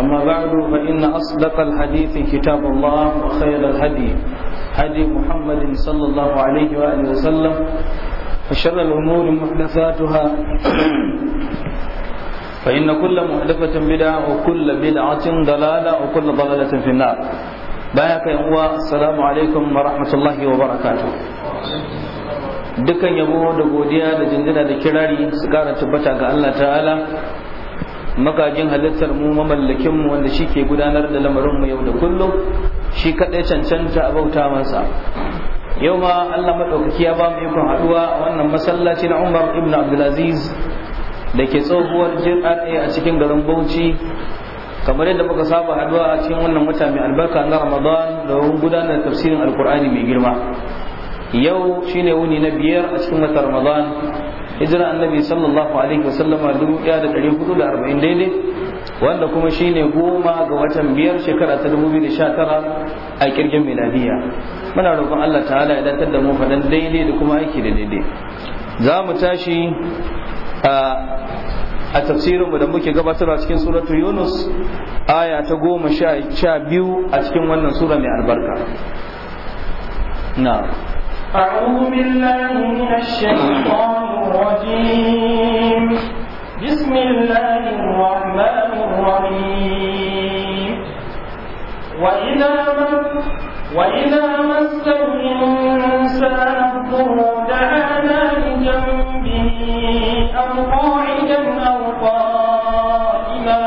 أما بعد فإن أصدق الحديث كتاب الله وخير الهدي هدي محمد صلى الله عليه وآله وسلم وشر الأمور محدثاتها فإن كل محدثة بدعة وكل بدعة ضلالة وكل ضلالة في النار بايك يا السلام عليكم ورحمة الله وبركاته dukan yabo da godiya da jinjina da kirari su kara tabbata ga Allah ta'ala magajin halittar mu mamallakin mu wanda shi ke gudanar da lamarin mu yau da kullum shi kadai cancanta a bauta masa yau ma Allah maɗaukaki ya ba mu ikon haɗuwa a wannan masallaci na Umar ibn Abdulaziz da ke tsohuwar JRA a cikin garin Bauchi kamar yadda muka saba haduwa a cikin wannan wata mai albarka na ramadan wurin gudanar da tafsirin alkur'ani mai girma yau shine wuni na biyar a cikin watan ramadan hijira annabi sallallahu alaihi wa a dubu ɗaya da ɗari hudu da arba'in daidai wanda kuma shine goma ga watan biyar shekara ta dubu biyu da sha tara a kirgin miladiya muna roƙon Allah ta'ala ya datar da mu faɗan daidai da kuma aiki da daidai za mu tashi a tafsirinmu da muke gabatarwa cikin suratu yunus aya ta goma sha biyu a cikin wannan sura mai albarka na أعوذ بالله من الشيطان الرجيم بسم الله الرحمن الرحيم وإذا وإذا مس الإنسان الضر دعانا لجنبه أو قاعدا أو قائما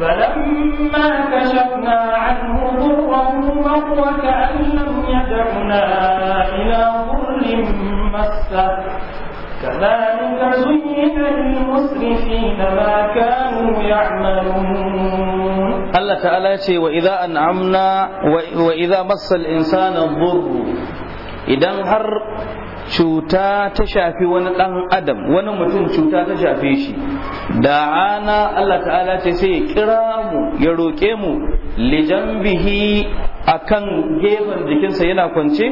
فلما كشفنا عنه ضره مر كأن رجعنا إلى كل مسة كذلك زين للمسرفين ما كانوا يعملون الله تعالى يقول وإذا أنعمنا وإذا مس الإنسان الضر إذا هر cuta ta shafi wani ɗan adam wani mutum cuta ta shafe shi da ana Allah ta'ala ce sai ya kira mu ya roƙe mu lijambihi a kan gefen jikinsa yana kwance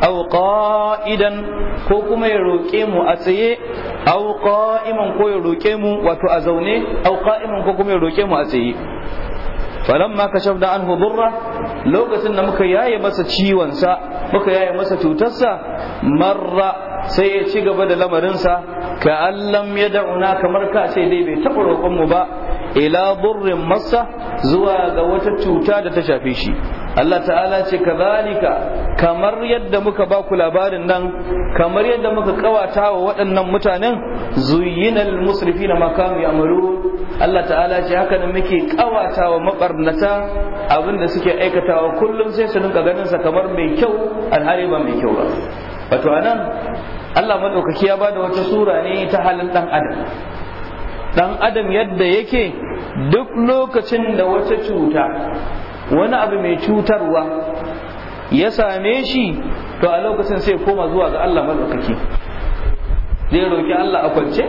au qa'idan ko kuma ya roƙe mu a tsaye au ko ya roƙe mu wato a zaune au ko kuma ya roƙe mu a tsaye falamma kashafna anhu durra lokacin da muka yaye masa ciwonsa muka yaye masa cutarsa marra sai ya ci gaba da lamarinsa ka allam ya da'una kamar ka ce dai bai taɓa roƙonmu mu ba ila laburin masa zuwa ga wata cuta da ta shafe shi Allah ta'ala ce kazalika kamar yadda muka ba ku labarin nan kamar yadda muka kawata wa waɗannan mutanen zuyyinal musrifina ma ya ya'malu Allah ta'ala ce haka nan muke kawata wa mabarnata abinda suke aikatawa kullum sai su rinka ganinsa kamar mai kyau alhali ba mai kyau ba wato anan Allah madaukaki ya bada wata sura ne ta halin dan adam dan adam yadda yake duk lokacin da wata cuta wani abu mai cutarwa ya same shi to a lokacin sai koma zuwa ga Allah maɗaukaki zai roƙi Allah a kwance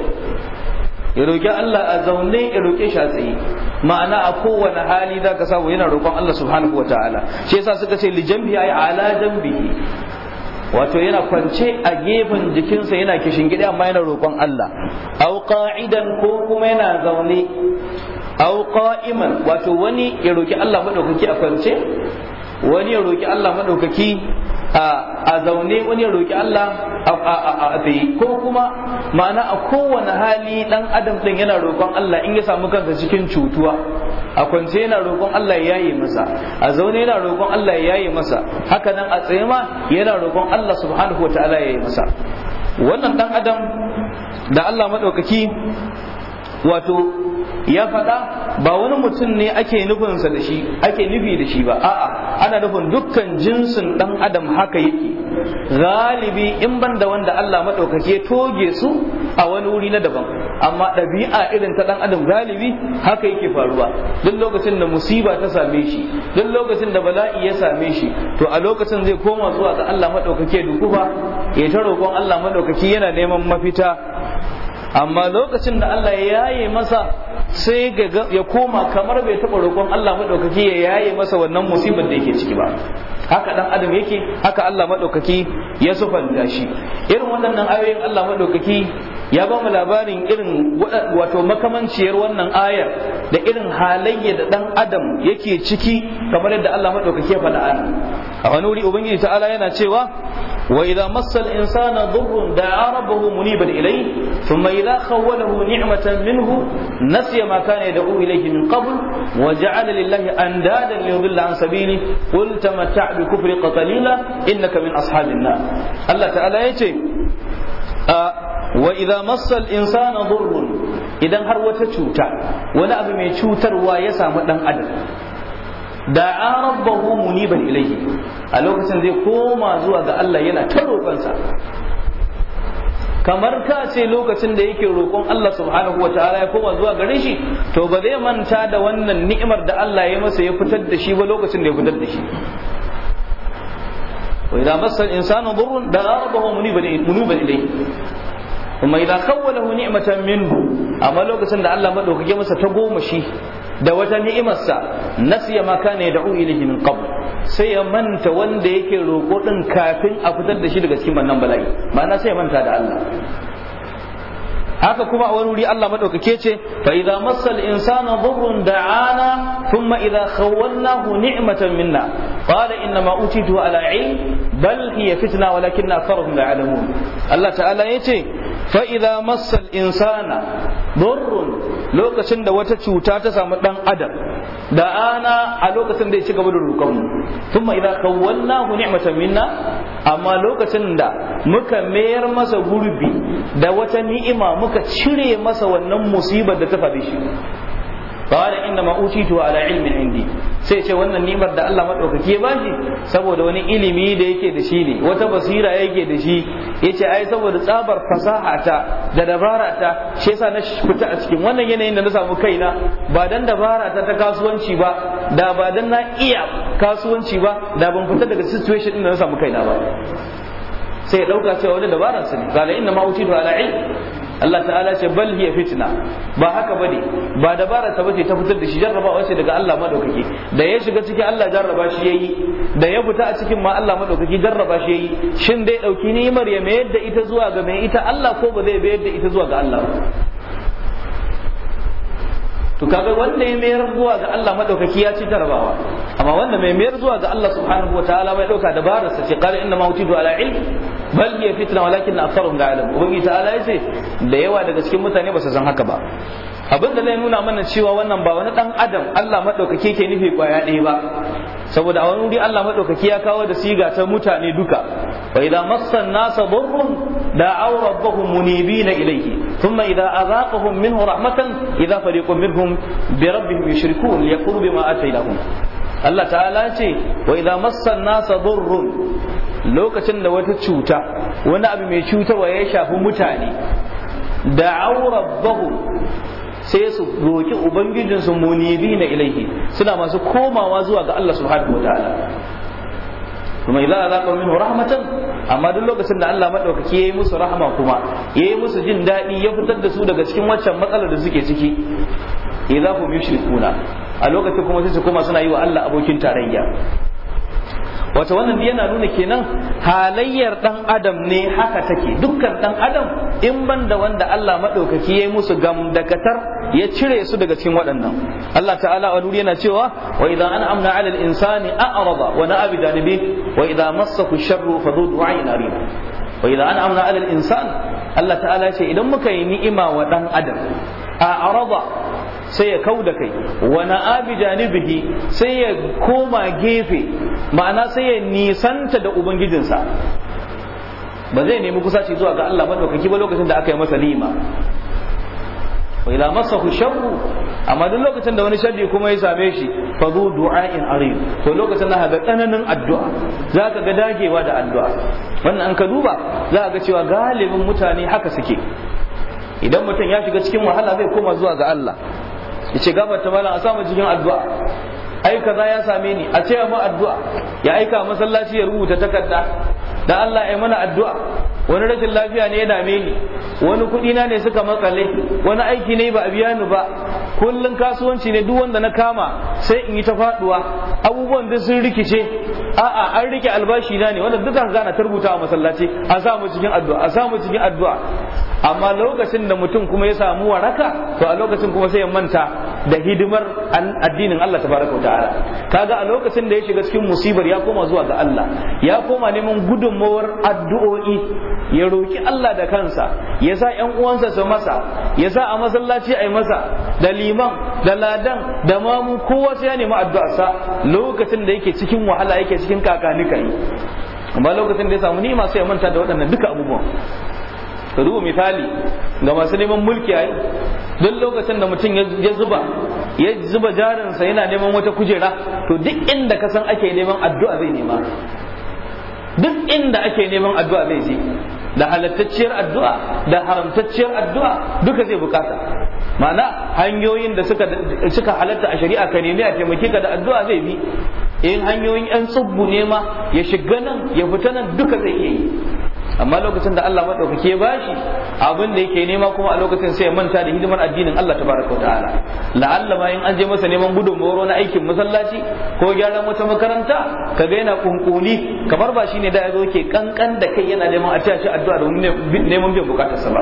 ya roƙi Allah a zaune ya roƙe shi a tsaye ma'ana a kowane hali za ka samu yana roƙon Allah subhanahu wa ta'ala shi yasa suka ce li jambi ay ala jambihi wato yana kwance a gefen jikinsa yana kishin gida amma yana roƙon Allah au qa'idan ko kuma yana zaune aw qa'iman wato wani ya roki Allah madaukaki a kwance wani ya roki Allah madaukaki a zaune wani ya roki Allah a tsaye ko kuma ma'ana a kowane hali dan adam din yana roƙon Allah in ya samu kansa cikin cutuwa a kwance yana roƙon Allah ya yi masa a zaune yana roƙon Allah ya yi masa haka nan a tsaye ma yana roƙon Allah subhanahu wataala ya yi masa wannan dan adam da Allah madaukaki wato ya faɗa ba wani mutum ne ake nufinsa da shi ake nufi da shi ba a'a ana nufin dukkan jinsin ɗan adam haka yake galibi in ban da wanda Allah maɗaukake toge su a wani wuri na daban amma ɗabi'a irin ta ɗan adam galibi haka yake faruwa duk lokacin da musiba ta same shi duk lokacin da bala'i ya same shi to a lokacin zai koma zuwa ga Allah maɗaukake dukufa ya ta roƙon Allah maɗaukaki yana neman mafita amma lokacin da Allah ya yaye masa sai ya koma kamar bai taɓa roƙon Allah maɗaukaki ya yaye masa wannan musibar da yake ciki ba haka dan adam yake haka Allah maɗaukaki ya sufanta shi irin waɗannan ayoyin Allah maɗaukaki ya ba mu labarin irin wato makamanciyar wannan ayar da irin halayya da dan adam yake ciki kamar yadda Allah maɗaukaki ya faɗa a wani wuri ubangiji ta'ala yana cewa وإذا مس الإنسان ضر دعا ربه منيبا إليه ثم إذا خوله نعمة منه نسي ما كان يدعو إليه من قبل وجعل لله أندادا ليضل عن سبيله قل تمتع بكفر قتليلا إنك من أصحاب النار الله تعالى يتي وإذا مس الإنسان ضر إذا هر وتشوتا ولا أبي من شوتر ويسام أدم Da da'a rabbahu muniban ilaihi a lokacin zai koma zuwa ga Allah yana ta roƙonsa kamar ka ce lokacin da yake roƙon Allah subhanahu wa ta'ala ya koma zuwa gare shi to ba zai manta da wannan ni'imar da Allah ya masa ya fitar da shi ba lokacin da ya fitar da shi wa idza massa al-insanu dhurrun da'a rabbahu muniban ilaihi kuma idza khawwalahu ni'matan minhu amma lokacin da Allah madaukake masa ta goma shi da wata ni'imarsa nasiya ma kana yad'u ilayhi min qabl sai ya manta wanda yake roƙo din kafin a fitar da shi daga cikin wannan bala'i ma'ana sai ya manta da Allah haka kuma a wani wuri Allah madaukake ce fa idza massal insana dhurrun da'ana thumma idza khawwalnahu ni'matan minna qala inna ma utitu ala ilm bal hiya fitna walakin aktharuhum la ya'lamun Allah ta'ala yace fa idza massal insana dhurrun lokacin da wata cuta ta samu dan adam da ana a lokacin da ya ci gaba da roƙon mu thumma idza kawwalnahu ni'matan minna amma lokacin da muka mayar masa gurbi da wata ni'ima muka cire masa wannan musibar da ta faɗi shi qala inna ma utitu ala ilmin indi sai ce wannan nimar da Allah madaukaki ya bashi saboda wani ilimi da yake da shi ne wata basira yake da shi yace ai saboda tsabar fasaha ta da dabara ta shi yasa na fita a cikin wannan yanayin da na samu kaina ba dan dabara ta ta kasuwanci ba da ba dan na iya kasuwanci ba da ban fita daga situation din da na samu kaina ba sai ya dauka cewa wani dabaran su ne qala inna ma utitu ala ilmin Allah ta'ala ce bal hiya fitna ba haka bane ba dabara ta bace ta fitar da shi jarrabawa ce daga Allah madaukaki da ya shiga cikin Allah jarraba shi yayi da ya fita a cikin ma Allah madaukaki jarraba shi yayi shin dai dauki ni'imar maryam yadda ita zuwa ga mai ita Allah ko ba zai bayar da ita zuwa ga Allah to kaga wanda ya mayar zuwa ga Allah madaukaki ya ci jarrabawa amma wanda mai mayar zuwa ga Allah subhanahu wataala mai dauka sa ce qala inna ma utidu ala ilmi bal hiya fitna walakin aktharuhum la ya'lamun ubangiji ta'ala yace da yawa daga cikin mutane ba su san haka ba abin da zai nuna mana cewa wannan ba wani dan adam Allah madaukake ke nufi kwaya ɗaya ba saboda a wani wuri Allah madaukake ya kawo da siga ta mutane duka wa idza massan nasa burrun da'aw rabbahum munibina ilayhi thumma idza azaqahum minhu rahmatan idza fariqun minhum bi rabbihim yushrikun liyakfuru bima atainahum Allah ta'ala ce wa idza massan nasa durrun lokacin da wata cuta wani abu mai cutarwa ya shafi mutane da rabbahum sai su roki ubangijinsu munibina ilaihi suna masu komawa zuwa ga Allah subhanahu wataala kuma idza azaqa minhu rahmatan amma duk lokacin da Allah madaukaki yayi musu rahama kuma yayi musu jin daɗi ya fitar da su daga cikin waccan matsalar da suke ciki idza hum yushrikuna a lokacin kuma sai su koma suna yi wa Allah abokin tarayya wata wannan yana nuna kenan halayyar dan adam ne haka take dukkan dan adam in ban da wanda Allah madaukaki yayi musu gamdakatar ya cire su daga cikin waɗannan Allah ta'ala a duri yana cewa wa idza an'amna 'ala insani a'rada wa na'a bi janibi wa idza massahu sharru fa dhu du'a'in arid wa idza an'amna 'ala insan Allah ta'ala ce idan muka yi ni'ima wa dan adam a'rada sai ya kau da kai wani abi janibihi sai ya koma gefe ma'ana sai ya nisanta da ubangijinsa ba zai nemi kusaci zuwa ga Allah madaukaki ba lokacin da aka yi masa lima wa masa ku shanku? amma duk lokacin da wani sharri kuma ya same shi fa zu du'a'in arid to lokacin da ga tsananin addu'a za ka ga dagewa da addu'a wannan an ka duba za a ga cewa galibin mutane haka suke idan mutum ya shiga cikin wahala zai koma zuwa ga Allah yace gabata malam a sa mu cikin addu'a ai kaza ya same ni a ce mu addu'a ya aika masallaci ya rubuta takarda da Allah ya mana addu'a wani rashin lafiya ne ya dame ni wani kuɗi na ne suka makale wani aiki ne ba a biya ni ba kullun kasuwanci ne duk wanda na kama sai in yi ta faduwa abubuwan duk sun rikice a'a an rike albashi na ne wanda duk gana ta rubuta a masallaci a sa mu cikin addu'a a sa mu cikin addu'a amma lokacin da mutum kuma ya samu waraka to a lokacin kuma sai ya manta da hidimar addinin Allah tabaraka ta'ala kaga a lokacin da ya shiga cikin musibar ya koma zuwa ga Allah ya koma neman gudunmawar addu'o'i ya roki Allah da kansa ya sa ƴan uwansa su masa ya sa a masallaci a yi masa da liman da ladan da mamu kowa sai ya nemi addu'arsa lokacin da yake cikin wahala yake cikin kakanikai amma lokacin da ya samu ni'ima sai ya manta da waɗannan duka abubuwan ka duba misali ga masu neman mulki a duk lokacin da mutum ya zuba ya zuba jarinsa yana neman wata kujera to duk inda ka san ake neman addu'a zai nema duk inda ake neman addu'a zai je da halattacciyar addu'a da haramtacciyar addu'a duka zai bukata ma'ana hanyoyin da suka suka halatta a shari'a ka nemi a taimake ka da addu'a zai bi in hanyoyin yan tsubbu nema ya shiga nan ya fita nan duka zai iya yi amma lokacin da Allah madaukake ya bashi abin da yake nema kuma a lokacin sai ya manta da hidimar addinin Allah tabaraka ta'ala la'alla ma in an je masa neman gudunmawar na aikin masallaci ko gyaran wata makaranta ka ga yana kunkuli kamar ba shine da yazo ke kankan da kai yana neman a tashi addu'a domin neman biyan bukatarsa ba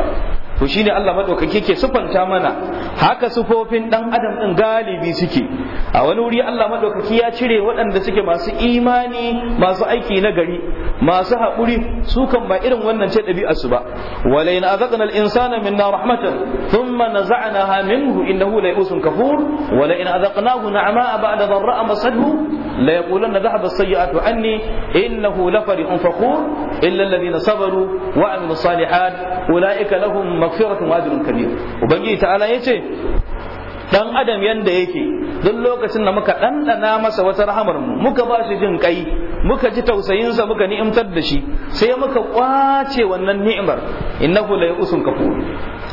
to shine Allah maɗaukaki ke sufanta mana haka sufofin dan adam din galibi suke a wani wuri Allah maɗaukaki ya cire waɗanda suke masu imani masu aiki na gari masu haƙuri su kan ba irin wannan ce ɗabi'ar su ba walai na azaqna al-insana minna rahmatan thumma naza'naha minhu innahu la'usun kafur wala in azaqnahu na'ama ba'da dharra'a masadhu la yaqulanna dhahaba as-sayyi'atu anni innahu lafarihun fakhur illa alladhina sabaru wa amilu salihat ulaika lahum maghfiratun wa ajrun kabir ubangiji ta'ala yace dan adam yanda yake duk lokacin da muka ɗanɗana masa wata rahamar mu muka ba shi jin kai muka ji tausayinsa muka ni'imtar da shi sai muka kwace wannan ni'imar innahu la yusun kafur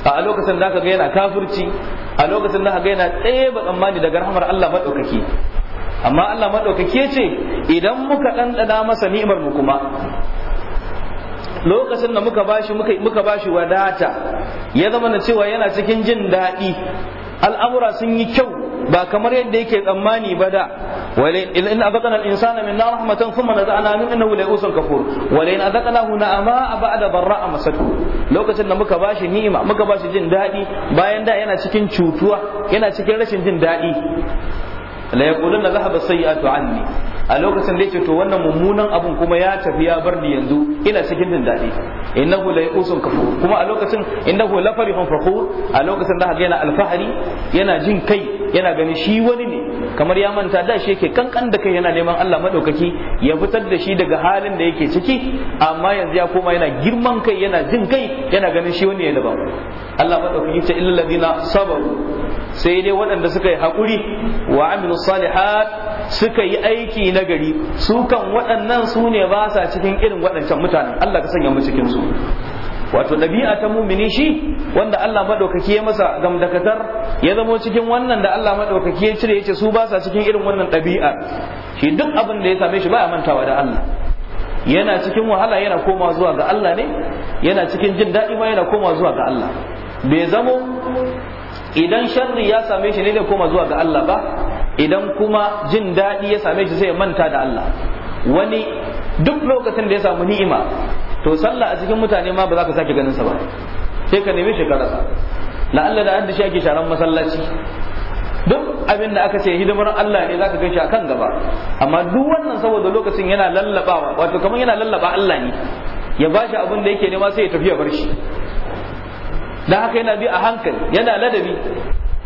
a lokacin da ka ga yana kafirci a lokacin da ka ga yana tsaye tsammani daga rahmar Allah madaukaki amma Allah madaukake ce idan muka ɗanɗana masa ni'imar mu kuma lokacin da muka bashi muka bashi wadata ya zama na cewa yana cikin jin daɗi al'amura sun yi kyau ba kamar yadda yake tsammani ba da in azaqna al-insana minna rahmatan thumma naza'na min innahu la'usun kafur wa in a na'ama ba'da barra masatu lokacin da muka bashi ni'ima muka bashi jin daɗi bayan da yana cikin cutuwa yana cikin rashin jin daɗi la yaquluna dhahaba sayyi'atu anni a lokacin da yake to wannan mummunan abun kuma ya tafi ya bar ni yanzu ina cikin jin daɗi innahu la yusun kafur kuma a lokacin innahu la farihun fakhur a lokacin da haka yana alfahari yana jin kai yana gani shi wani ne kamar ya manta da shi yake kankan da kai yana neman Allah madaukaki ya fitar da shi daga halin da yake ciki amma yanzu ya koma yana girman kai yana jin kai yana ganin shi wani ne daban Allah madaukaki ce illal ladina sabaru sai dai waɗanda suka yi haƙuri wa amilu salihat suka yi aiki na gari su kan waɗannan su ne ba sa cikin irin waɗancan mutanen Allah ka sanya mu cikin su wato ɗabi'a ta mumini shi wanda Allah maɗaukaki ya masa gamdakatar ya zamo cikin wannan da Allah maɗaukaki ya cire ya ce su ba sa cikin irin wannan ɗabi'a shi duk abin da ya same shi baya mantawa da Allah yana cikin wahala yana koma zuwa ga Allah ne yana cikin jin daɗi ma yana koma zuwa ga Allah bai zamo idan sharri ya same shi ne da koma zuwa ga Allah ba idan kuma jin daɗi ya same shi sai ya manta da Allah wani duk lokacin da ya samu ni'ima to sallah a cikin mutane ma ba za ka sake ganin sa ba sai ka nemi la la'alla da hadda shi ake sharan masallaci duk abin da aka ce hidimar Allah ne zaka gan shi akan gaba amma duk wannan saboda lokacin yana lallabawa wato kamar yana lallaba Allah ne ya bashi abin da yake nema sai ya tafi ya bar shi dan haka yana bi a hankali yana ladabi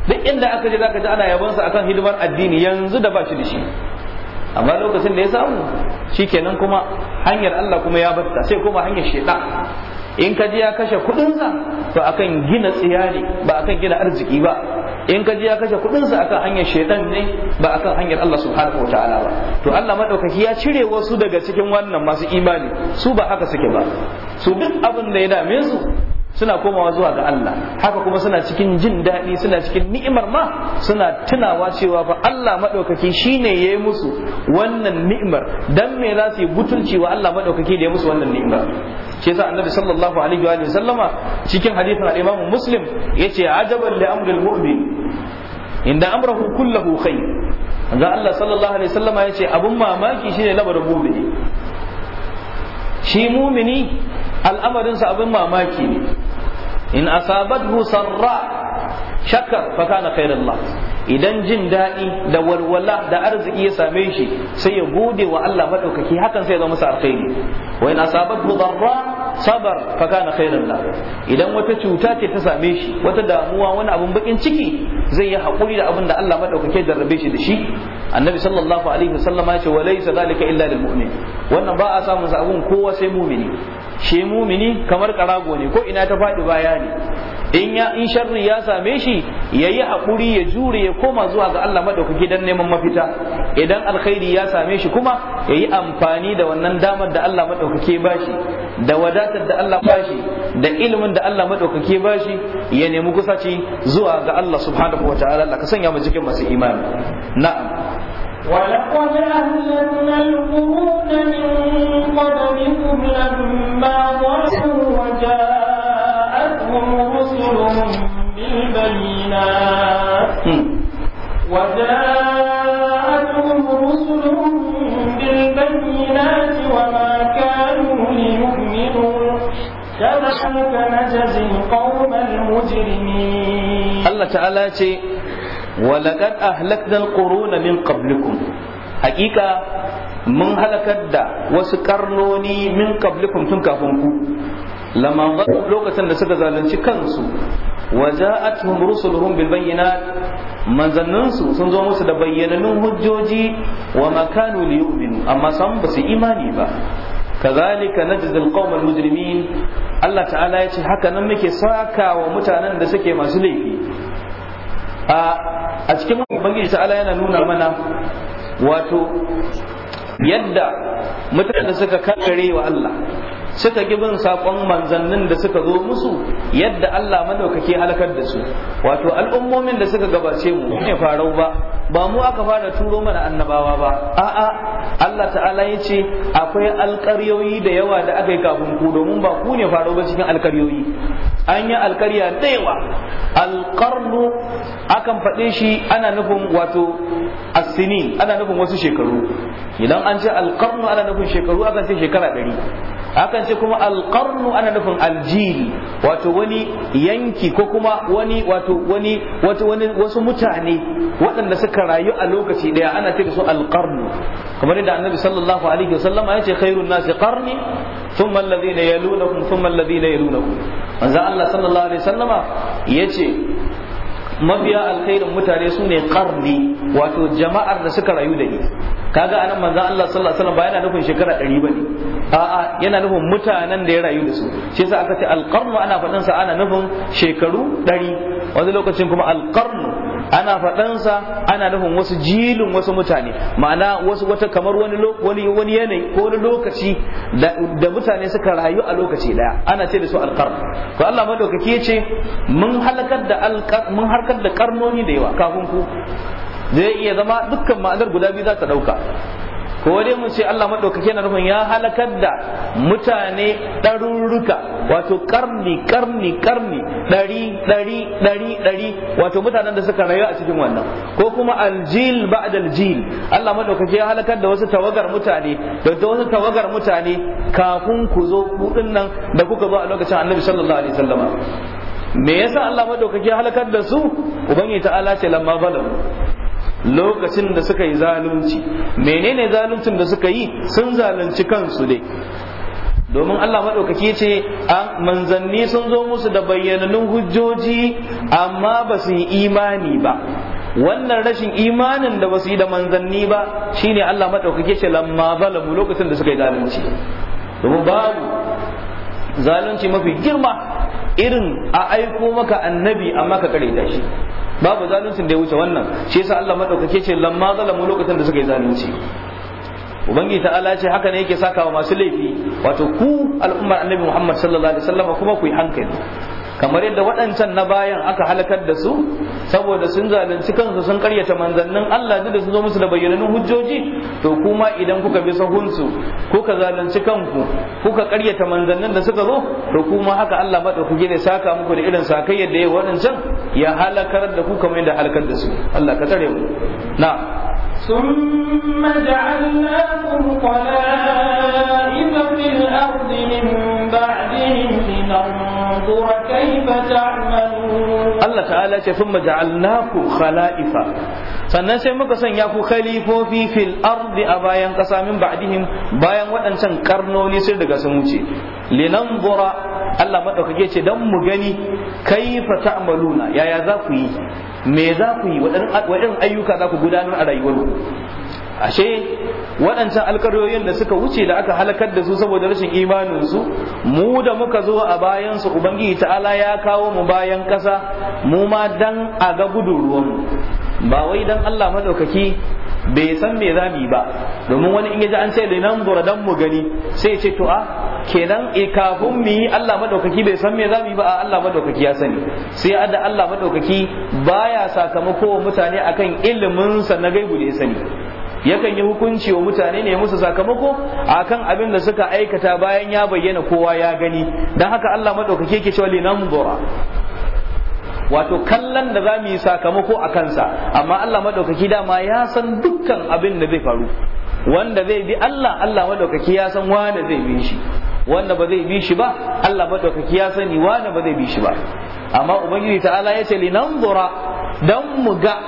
duk inda aka je zaka ji ana yabonsa akan hidimar addini yanzu da ba shi da shi amma lokacin da ya samu shikenan kuma hanyar Allah kuma ya batta sai kuma hanyar shaitan in ka ji ya kashe kudinsa to akan gina tsiyali ba akan gina arziki ba in ka ji ya kashe kudinsa akan hanyar shaitan ne ba akan hanyar Allah subhanahu wataala ba to Allah madaukaki ya cire wasu daga cikin wannan masu imani su ba haka suke ba su duk abin da ya dame su suna komawa zuwa ga Allah haka kuma suna cikin jin daɗi suna cikin ni'imar ma suna tunawa cewa fa Allah maɗaukaki shine ya yi musu wannan ni'imar dan me za su yi butulci wa Allah maɗaukaki da ya musu wannan ni'imar shi yasa annabi sallallahu alaihi wa sallama cikin hadithin al-Imam Muslim yace ajaban li amril mu'min inda amrahu kullahu khair ga Allah sallallahu alaihi wasallama yace abun mamaki shine lamarin mu'mini shi mumini al'amarinsa abin mamaki ne in asabathu sarra shakar fa kana khairullah idan jin daɗi da walwala da arziki ya same shi sai ya gode wa Allah madaukaki hakan sai ya zama masa alkhairi wa in asabathu darra sabar fa kana khairan la idan wata cuta ce ta same shi wata damuwa wani abun bakin ciki zai yi hakuri da abin da Allah madaukaki ya jarrabe shi da shi annabi sallallahu alaihi wasallam ya ce wa laysa zalika illa lil mu'min wannan ba a samun sa abun kowa sai mu'mini shi mumini kamar karago ne ko ina ta faɗi baya ne in ya in sharri ya same shi yayi hakuri ya jure ya koma zuwa ga Allah madaukaki dan neman mafita idan alkhairi ya same shi kuma yayi amfani da wannan damar da Allah madaukaki bashi da wadatar da Allah bashi da ilimin da Allah madaukaki bashi ya nemi kusaci zuwa ga Allah subhanahu wataala Allah ka sanya mu cikin masu imani na'am ولقد أهلكنا القرون من قبلكم لما ظلموا وجاءتهم رسلهم بالبينات وجاءتهم رسلهم بالبينات وما كانوا ليؤمنوا كذلك نجزي القوم المجرمين الله تعالى walaƙad ahlaknal quruna min qablikum hakika mun halakar da wasu ƙarnoni min qablikum tun kafin ku lamma lokacin da suka zalunci kansu wa ja'atuhum rusuluhum bil bayyinat manzannin su sun zo musu da bayyananun hujjoji wa ma kanu liyu'minu amma san ba su imani ba kazalika najzi al qawm al mujrimin Allah ta'ala ya ce haka nan muke saka wa mutanen da suke masu laifi a cikin ubangiji ta'ala yana nuna mana wato yadda da suka kankare wa Allah suka ki bin saƙon manzannin da suka zo musu yadda Allah madaukake halakar da su wato al'ummomin da suka gabace mu ne farau ba ba mu aka fara turo mana annabawa ba a'a Allah ta'ala ya ce akwai alƙaryoyi da yawa da aka yi kafin ku domin ba ku ne faro ba cikin alƙaryoyi an yi alƙarya da yawa alƙarnu akan faɗe shi ana nufin wato asini ana nufin wasu shekaru idan an ce alƙarnu ana nufin shekaru akan ce shekara ɗari akan ce kuma alƙarnu ana nufin aljiri wato wani yanki ko kuma wani wato wani wato wani wasu mutane waɗanda suka suka rayu a lokaci daya ana ce da su alƙarnu. kamar yadda annabi sallallahu alaihi wasallam ya ce khairun nasi qarni thumma alladhina yalunakum thumma alladhina yalunakum manzo Allah sallallahu alaihi wasallama yace mabiya alkhairin mutane su ne karni wato jama'ar da suka rayu da ni kaga anan manzon Allah sallallahu alaihi wasallam ba yana nufin shekara 100 bane a'a yana nufin mutanen da ya rayu da su shi yasa aka ce alqarnu ana faɗin sa ana nufin shekaru 100 wani lokacin kuma alqarnu ana faɗansa ana nufin wasu jilin wasu mutane ma'ana wasu wata kamar wani wani wani yanayi ko wani lokaci da mutane suka rayu a lokaci daya ana ce da su alqarn to Allah madaukaki ya ce mun halakar da mun harkar da karnoni da yawa kafin ku zai iya zama dukkan ma'anar guda biyu za ta dauka ko dai mu ce Allah madaukake yana nufin ya halakar da mutane ɗarurruka wato karni karni karni ɗari ɗari ɗari ɗari wato mutanen da suka rayu a cikin wannan ko kuma aljil ba'da aljil Allah madaukake ya halakar da wasu tawagar mutane da wasu tawagar mutane kafin ku zo kudin nan da kuka zo a lokacin Annabi sallallahu alaihi wasallama me yasa Allah madaukake ya halakar da su ubangiji ta'ala ce lamma lokacin da suka yi zalunci menene zaluncin da suka yi sun zalunci kansu dai domin Allah maɗaukaki ce a manzanni sun zo musu da bayyananun hujjoji amma ba su yi imani ba wannan rashin imanin da ba su yi da manzanni ba shine Allah maɗaukaki ce lamma zalamu lokacin da suka yi zalunci domin babu zalunci mafi girma irin a aiko maka annabi amma ka kare da shi babu zaluncin da ya wuce wannan shi yasa Allah madaukake ce lamma zalamu lokacin da suka yi zalunci ubangi ta'ala ce haka ne yake sakawa masu laifi wato ku al'ummar annabi Muhammad sallallahu alaihi wasallam kuma ku yi hankali kamar yadda waɗancan na bayan aka halakar da su saboda sun zalunci kansu sun karyata manzannin Allah duk da sun zo musu da bayyanannun hujjoji to kuma idan kuka bi sahunsu kuka zalunci kanku kuka karyata manzannin da suka zo to kuma haka Allah madaukaki ne saka muku da irin sakai yadda ya waɗancan ya halakar da ku kamar yadda halakar da su Allah ka tsare mu na ثم جعلناكم Allah ta'ala ce thumma ja'alnakum khala'ifa sannan sai muka sanya ku khalifofi fil ardi a bayan kasa min ba'dihim bayan waɗancan karnoni sai daga sun wuce bora Allah madaukake ce dan mu gani kaifa ta'maluna yaya za ku yi me za ku yi waɗannan ayyuka za ku gudanar a rayuwarku ashe waɗancan alkaryoyin da suka wuce da aka halakar da su saboda rashin imaninsu mu da muka zo a bayansu ubangiji ta'ala ya kawo mu bayan ƙasa mu ma dan a ga gudun ruwan ba wai dan Allah madaukaki bai san me za ba domin wani in yaji an ce da linan dan mu gani sai ce to a kenan e kafin mu yi Allah madaukaki bai san me za yi ba a Allah madaukaki ya sani sai ada Allah madaukaki baya sakamako mutane akan iliminsa na gaibu da ya sani yakan yi hukunci wa mutane ne musu sakamako akan abin da suka aikata bayan ya bayyana kowa ya gani dan haka Allah madaukake ke cewa linanzura wato kallon da za mu yi sakamako a kansa amma Allah madaukaki dama ya san dukkan abin da zai faru wanda zai bi Allah Allah madaukaki ya san wanda zai bi shi wanda ba zai bi shi ba Allah madaukaki ya sani wanda ba zai bi shi ba amma ubangiji ta'ala ya ce linanzura dan mu ga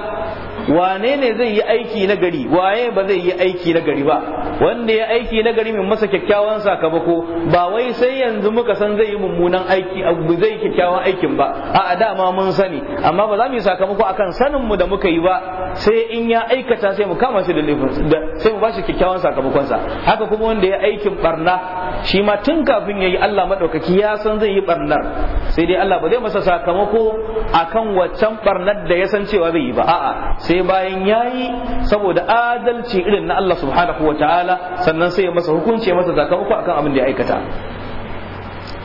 wane ne zai yi aiki na gari waye ba zai yi aiki na gari ba wanda ya aiki na gari min masa kyakkyawan sakamako ba wai sai yanzu muka san zai yi mummunan aiki zai kyakkyawan aikin ba a dama mun sani amma ba za mu yi sakamako akan sanin mu da muka yi ba sai in ya aikata sai mu kama shi da laifin sai mu bashi kyakkyawan sakamakon sa haka kuma wanda ya aikin barna shi ma tun kafin yayi Allah madaukaki ya san zai yi barnar sai dai Allah ba zai masa sakamako akan waccan barnar da ya san cewa zai yi ba a'a sai sai bayan yi saboda adalci irin na Allah subhanahu wataala sannan sai ya masa hukunci ya masa sakamako akan abin da ya aikata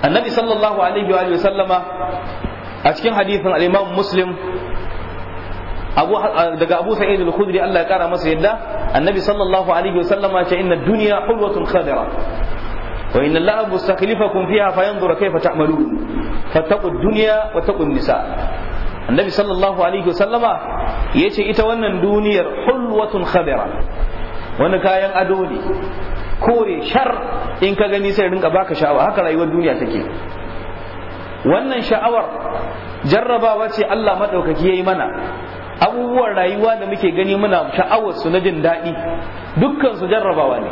annabi sallallahu alaihi wa sallama a cikin hadithin al-imam muslim daga abu sa'id al-khudri Allah ya kara masa yadda annabi sallallahu alaihi wa sallama ce inna dunya hulwatun khadira wa inna allaha mustakhlifakum fiha fayanzura kayfa ta'malun fattaqu ad-dunya wa taqu an-nisa annabi sallallahu alaihi wasallama ya ce ita wannan duniyar hulwatun khadira wani kayan ado ne kore shar in ka gani sai rinka baka sha'awa haka rayuwar duniya take wannan sha'awar jarrabawa ce Allah maɗaukaki ya yi mana abubuwan rayuwa da muke gani muna sha'awar su na jin daɗi dukkan su jarrabawa ne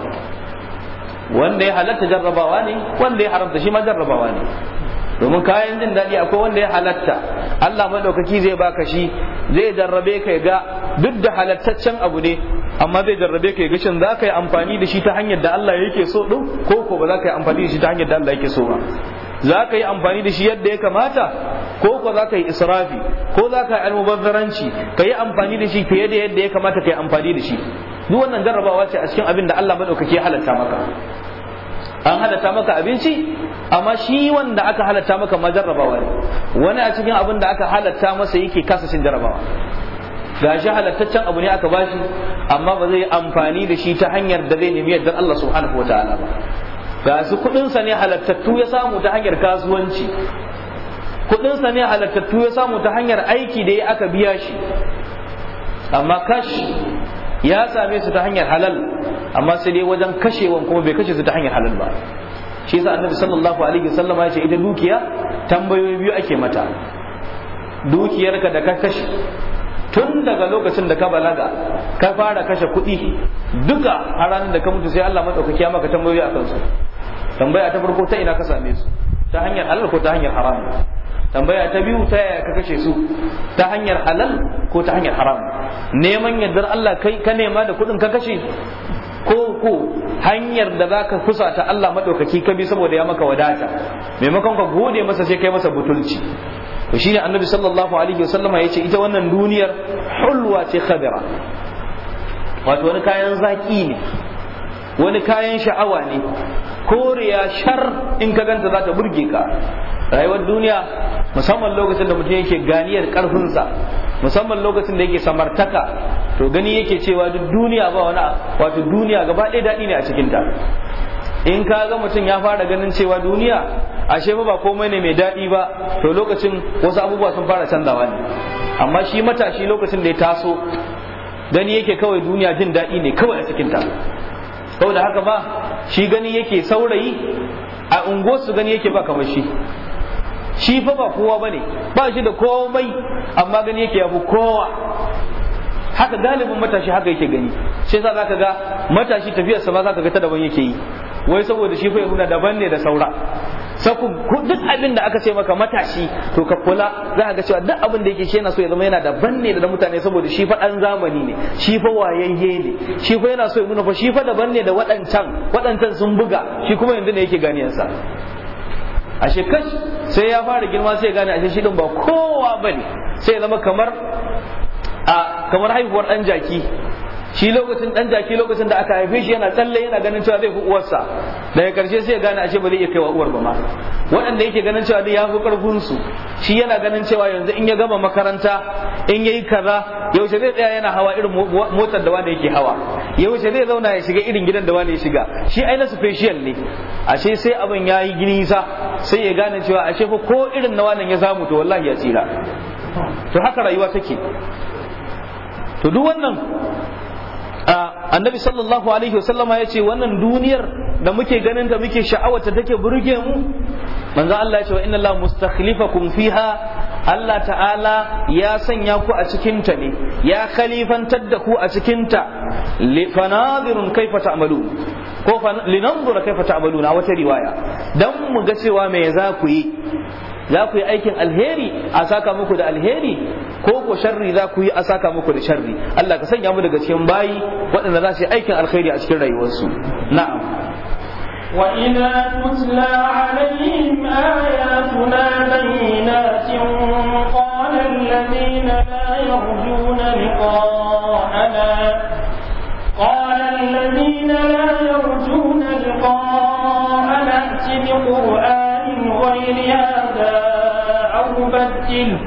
wanda ya halatta jarrabawa ne wanda ya haramta shi ma jarrabawa ne domin kayan jin daɗi akwai wanda ya halatta Allah maɗaukaki zai baka shi zai jarrabe ka ga duk da halattaccen abu ne amma zai jarrabe ka ga shin za ka yi amfani da shi ta hanyar da Allah yake so ɗin ko ko ba za ka yi amfani da shi ta hanyar da Allah yake so ba za ka yi amfani da shi yadda ya kamata ko ko za ka yi israfi ko za ka yi almubazzaranci ka yi amfani da shi fiye da yadda ya kamata ka yi amfani da shi duk wannan jarrabawa ce a cikin abin da Allah maɗaukaki ya halatta maka an halatta maka abinci amma shi wanda aka halatta maka ma jarrabawa ne wani a cikin abin da aka halatta masa yake kasa cin jarrabawa ga shi halattaccen abu ne aka bashi amma ba zai amfani da shi ta hanyar da zai nemi yardar Allah subhanahu wataala ba ga su kudinsa ne halattattu ya samu ta hanyar kasuwanci kudinsa ne halattattu ya samu ta hanyar aiki da ya aka biya shi amma kash ya same su ta hanyar halal amma sai dai wajen kashewan kuma bai kashe su ta hanyar halal ba shi yasa annabi sallallahu alaihi wasallama ya ce ita dukiya tambayoyi biyu ake mata dukiyarka da ka kashe tun daga lokacin da ka balaga ka fara kashe kuɗi duka har ranar da ka mutu sai Allah madaukaki ya maka tambayoyi akan su tambaya ta farko ta ina ka same su ta hanyar halal ko ta hanyar haram tambaya ta biyu ta yaya ka kashe su ta hanyar halal ko ta hanyar haram neman yardar Allah kai ka nema da kuɗin ka kashe ko ko hanyar da zaka kusata Allah maɗaukaki ka bi saboda ya maka wadata maimakon ka gode masa sai kai masa butulci to shine annabi sallallahu alaihi wasallama ce ita wannan duniyar hulwa ce khadira wato wani kayan zaki ne wani kayan sha'awa ne koriya shar in ka ganta za ta burge ka rayuwar duniya musamman lokacin da mutum yake ganiyar karfinsa musamman lokacin da yake samartaka to gani yake cewa duk duniya ba wani wato duniya gaba ɗaya daɗi ne a cikinta in ka ga mutum ya fara ganin cewa duniya ashe ba komai ne mai daɗi ba to lokacin wasu abubuwa sun fara canzawa ne amma shi matashi lokacin da ya taso gani yake kawai duniya jin daɗi ne kawai a cikinta saboda haka ba shi gani yake saurayi a unguwarsu gani yake ba kamar shi shi fa ba kowa bane ba shi da komai amma gani yake yafi kowa haka galibin matashi haka yake gani sai za ka ga matashi tafiyarsa ma za ka ga ta daban yake yi wai saboda shi fa yahuda daban ne da saura sakun duk abin da aka ce maka matashi to ka kula za ka ga cewa duk abin da yake shi yana so ya zama yana daban ne da mutane saboda shi fa dan zamani ne shi fa wayayye ne shi fa yana so ya nuna fa shi fa ne da waɗancan waɗancan sun buga shi kuma yanzu ne yake yansa. ashe kash sai ya fara girma sai ya gane a shi din ba kowa bane sai ya zama kamar a kamar haihuwar dan jaki shi lokacin dan jaki lokacin da aka haife shi yana tsalle yana ganin cewa zai fi uwarsa daga karshe sai ya gane ashe ba zai iya kaiwa uwar ba ma waɗanda yake ganin cewa dai ya fi karfin su shi yana ganin cewa yanzu in ya gama makaranta in yayi kaza yaushe zai tsaya yana hawa irin motar da wanda yake hawa yaushe zai zauna ya shiga irin gidan da wanda ya shiga shi aina na special ne ashe sai abin yayi ginisa sai ya gane cewa ashe fa ko irin na wannan ya samu to wallahi ya tsira to haka rayuwa take to duk wannan annabi sallallahu alaihi wasallama ya ce wannan duniyar da muke ganin da muke sha'awata take burge mu manzo Allah ya ce wa inna Allah mustakhlifakum fiha Allah ta'ala ya sanya ku a cikin ta ne ya khalifantar da ku a cikin ta fanadhirun kaifa ta'malu ko linanzura kaifa ta'maluna wata riwaya dan mu ga cewa me za ku yi za ku yi aikin alheri a saka muku da alheri ko ko sharri za ku yi a saka muku da sharri Allah ka sanya mu daga cikin bayi waɗanda za su yi aikin alheri a cikin rayuwarsu na'am وإذا تتلى عليهم آياتنا بينات قال الذين لا يرجون لقاءنا قال الذين لا يرجون لقاءنا ائت بقرآن من غير هذا أو بدله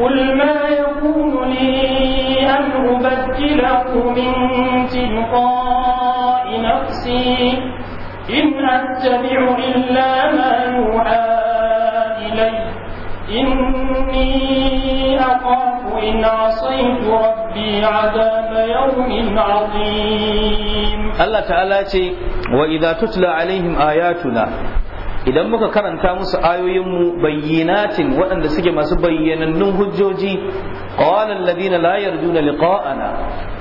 قل ما يكون لي أن أبدله من تلقاء نفسي إن أتبع إلا ما يوحى إلي إني أخاف إن عصيت ربي عذاب يوم عظيم الله تعالى وإذا تتلى عليهم آياتنا idan muka karanta musu ayoyinmu bayyinatin waɗanda suke masu bayyanannun hujjoji qala alladhina la yarjuna liqa'ana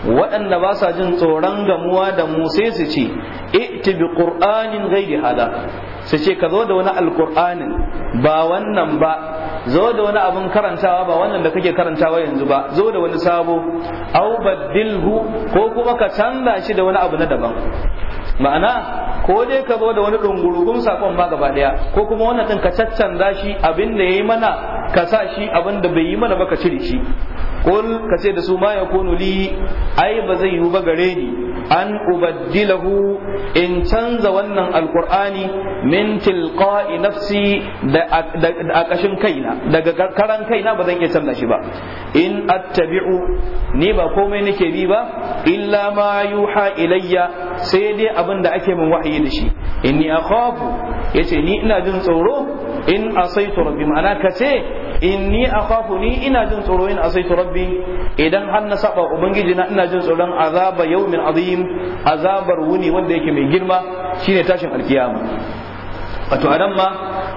waɗanda ba sa jin tsoron gamuwa da mu sai su ce i'ti bi qur'anin ghairi hada su ce ka zo da wani alqur'anin ba wannan ba zo da wani abun karantawa ba wannan da kake karantawa yanzu ba zo da wani sabo au baddilhu ko kuma ka canza shi da wani abu na daban ma'ana ko dai ka zo da wani dungurugun sakon ba gaba daya ko kuma wannan din ka caccanza shi abin da yayi mana ka sa shi abin da bai yi mana ba ka cire shi kul ka ce da su ma kunu li ai ba zai yi ba gare ni an ubaddilahu in canza wannan alqur'ani min tilqa'i nafsi da a kashin kaina daga karan kaina ba zan iya canza shi ba in attabi'u ni ba komai nake bi ba illa ma yuha ilayya sai dai abin da ake min wahayi da shi inni akhafu yace ni ina jin tsoro in asaitu rabbi ma'ana kace inni akhafu ni ina jin tsoro in asaitu rabbi idan har na saba ubangiji na ina jin tsoron azaba yawmin azim azabar wuni wanda yake mai girma shine tashin alkiyama wato anan ma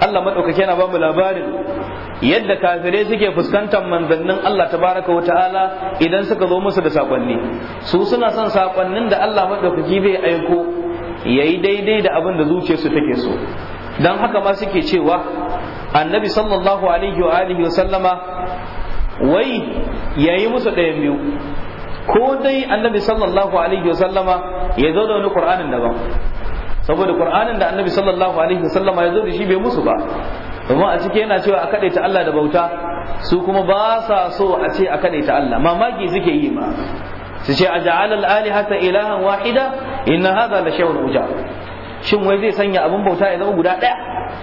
Allah madaukake yana ba mu labarin yadda kafirai suke fuskantar manzannin Allah tabaraka wa ta'ala idan suka zo musu da sakonni su suna son sakonnin da Allah madaukaki bai aiko yayi daidai da abin da zuciyarsu take so dan haka ma suke cewa annabi sallallahu alaihi wa alihi wa sallama wai yayi musu ɗayan biyu ko dai annabi sallallahu alaihi wa sallama ya zo da wani qur'anin daban saboda qur'anin da annabi sallallahu alaihi wa sallama ya zo da shi bai musu ba domin a ciki yana cewa a kaɗaita Allah da bauta su kuma ba sa so a ce a kaɗaita Allah mamaki suke yi ma su ce a ja'ala al-alihata ilahan wahida inna hadha la shay'un uja shin wai zai sanya abin bauta ya zama guda ɗaya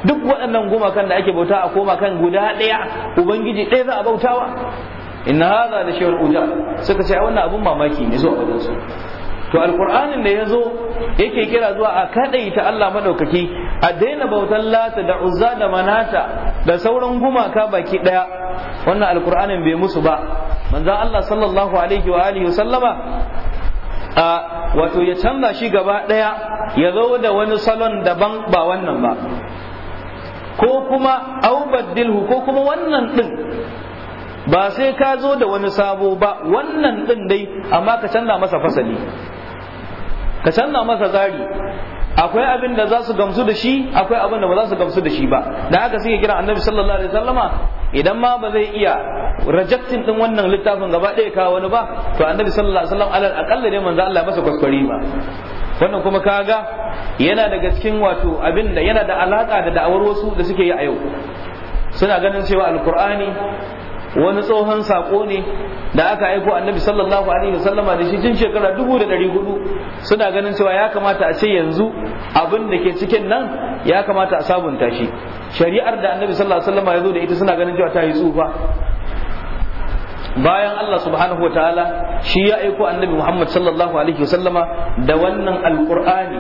duk waɗannan gumakan da ake bauta a koma kan guda ɗaya ubangiji ɗaya za a bautawa inna hadha la shay'un uja suka ce wannan abin mamaki ne zuwa wajen su to alqur'anin da yazo yake kira zuwa a kadaita Allah madaukaki a daina bautan lata da uzza da manata da sauran gumaka baki daya wannan alqur'anin bai musu ba manzon Allah sallallahu alaihi wa alihi sallama a wato ya canza shi gaba daya ya zo da wani salon daban ba wannan ba ko kuma aubaddilhu ko kuma wannan din ba sai ka zo da wani sabo ba wannan din dai amma ka canza masa fasali ka canza masa zari akwai abin da za su gamsu da shi akwai abin da ba za su gamsu da shi ba da haka suke kira annabi sallallahu alaihi wasallama idan ma ba zai iya rejectin din wannan littafin gaba ɗaya ka wani ba to annabi sallallahu alaihi wasallam alal aqalla dai manzo Allah masa kwaskwari ba wannan kuma kaga yana daga cikin wato abin da yana da alaka da da'awar wasu da suke yi a yau suna ganin cewa alqur'ani wani tsohon sako ne da aka aiko annabi sallallahu alaihi wasallama da shi tun shekara dubu da ɗari hudu suna ganin cewa ya kamata a ce yanzu abin da ke cikin nan ya kamata a sabunta shi shari'ar da annabi sallallahu alaihi wasallama ya zo da ita suna ganin cewa ta yi tsufa bayan Allah subhanahu wa ta'ala shi ya aiko annabi Muhammad sallallahu alaihi wasallama da wannan alqur'ani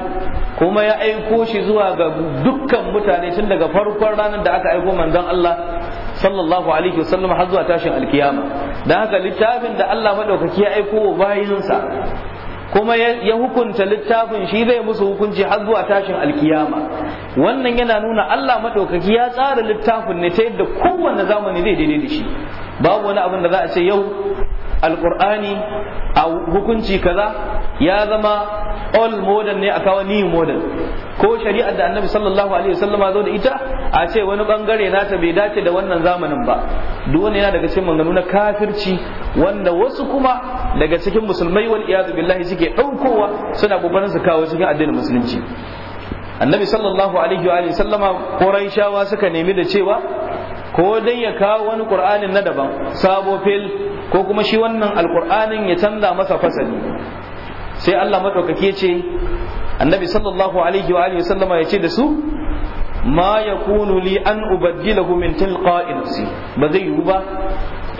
kuma ya aiko shi zuwa ga dukkan mutane tun daga farkon ranar da aka aiko manzon Allah sallallahu alaihi wasallam har zuwa tashin alkiyama dan haka littafin da Allah madaukaki ya aiko wa bayinsa kuma ya hukunta littafin shi zai musu hukunci har zuwa tashin alkiyama wannan yana nuna Allah madaukaki ya tsara littafin ne ta yadda kowanne zamani zai daidai da shi babu wani abin da za a ce yau Alƙur'ani a hukunci kaza ya zama all modern ne a kawo new modern ko shari'ar da annabi sallallahu alaihi wasallama zo da ita a ce wani bangare nata bai dace da wannan zamanin ba duk wanda yana daga cikin maganganu na kafirci wanda wasu kuma daga cikin musulmai wal iyadu billahi suke daukowa suna kokarin su kawo cikin addinin musulunci annabi sallallahu alaihi wa sallama quraishawa suka nemi da cewa ko dai ya kawo wani qur'anin na daban sabo fil ko kuma shi wannan alkur'anin ya canza masa fasali sai Allah madaukake ce annabi sallallahu alaihi wa alihi sallama ya ce da su ma yakunu li an ubaddilahu min tilqa'i nafsi ba zai yiwu ba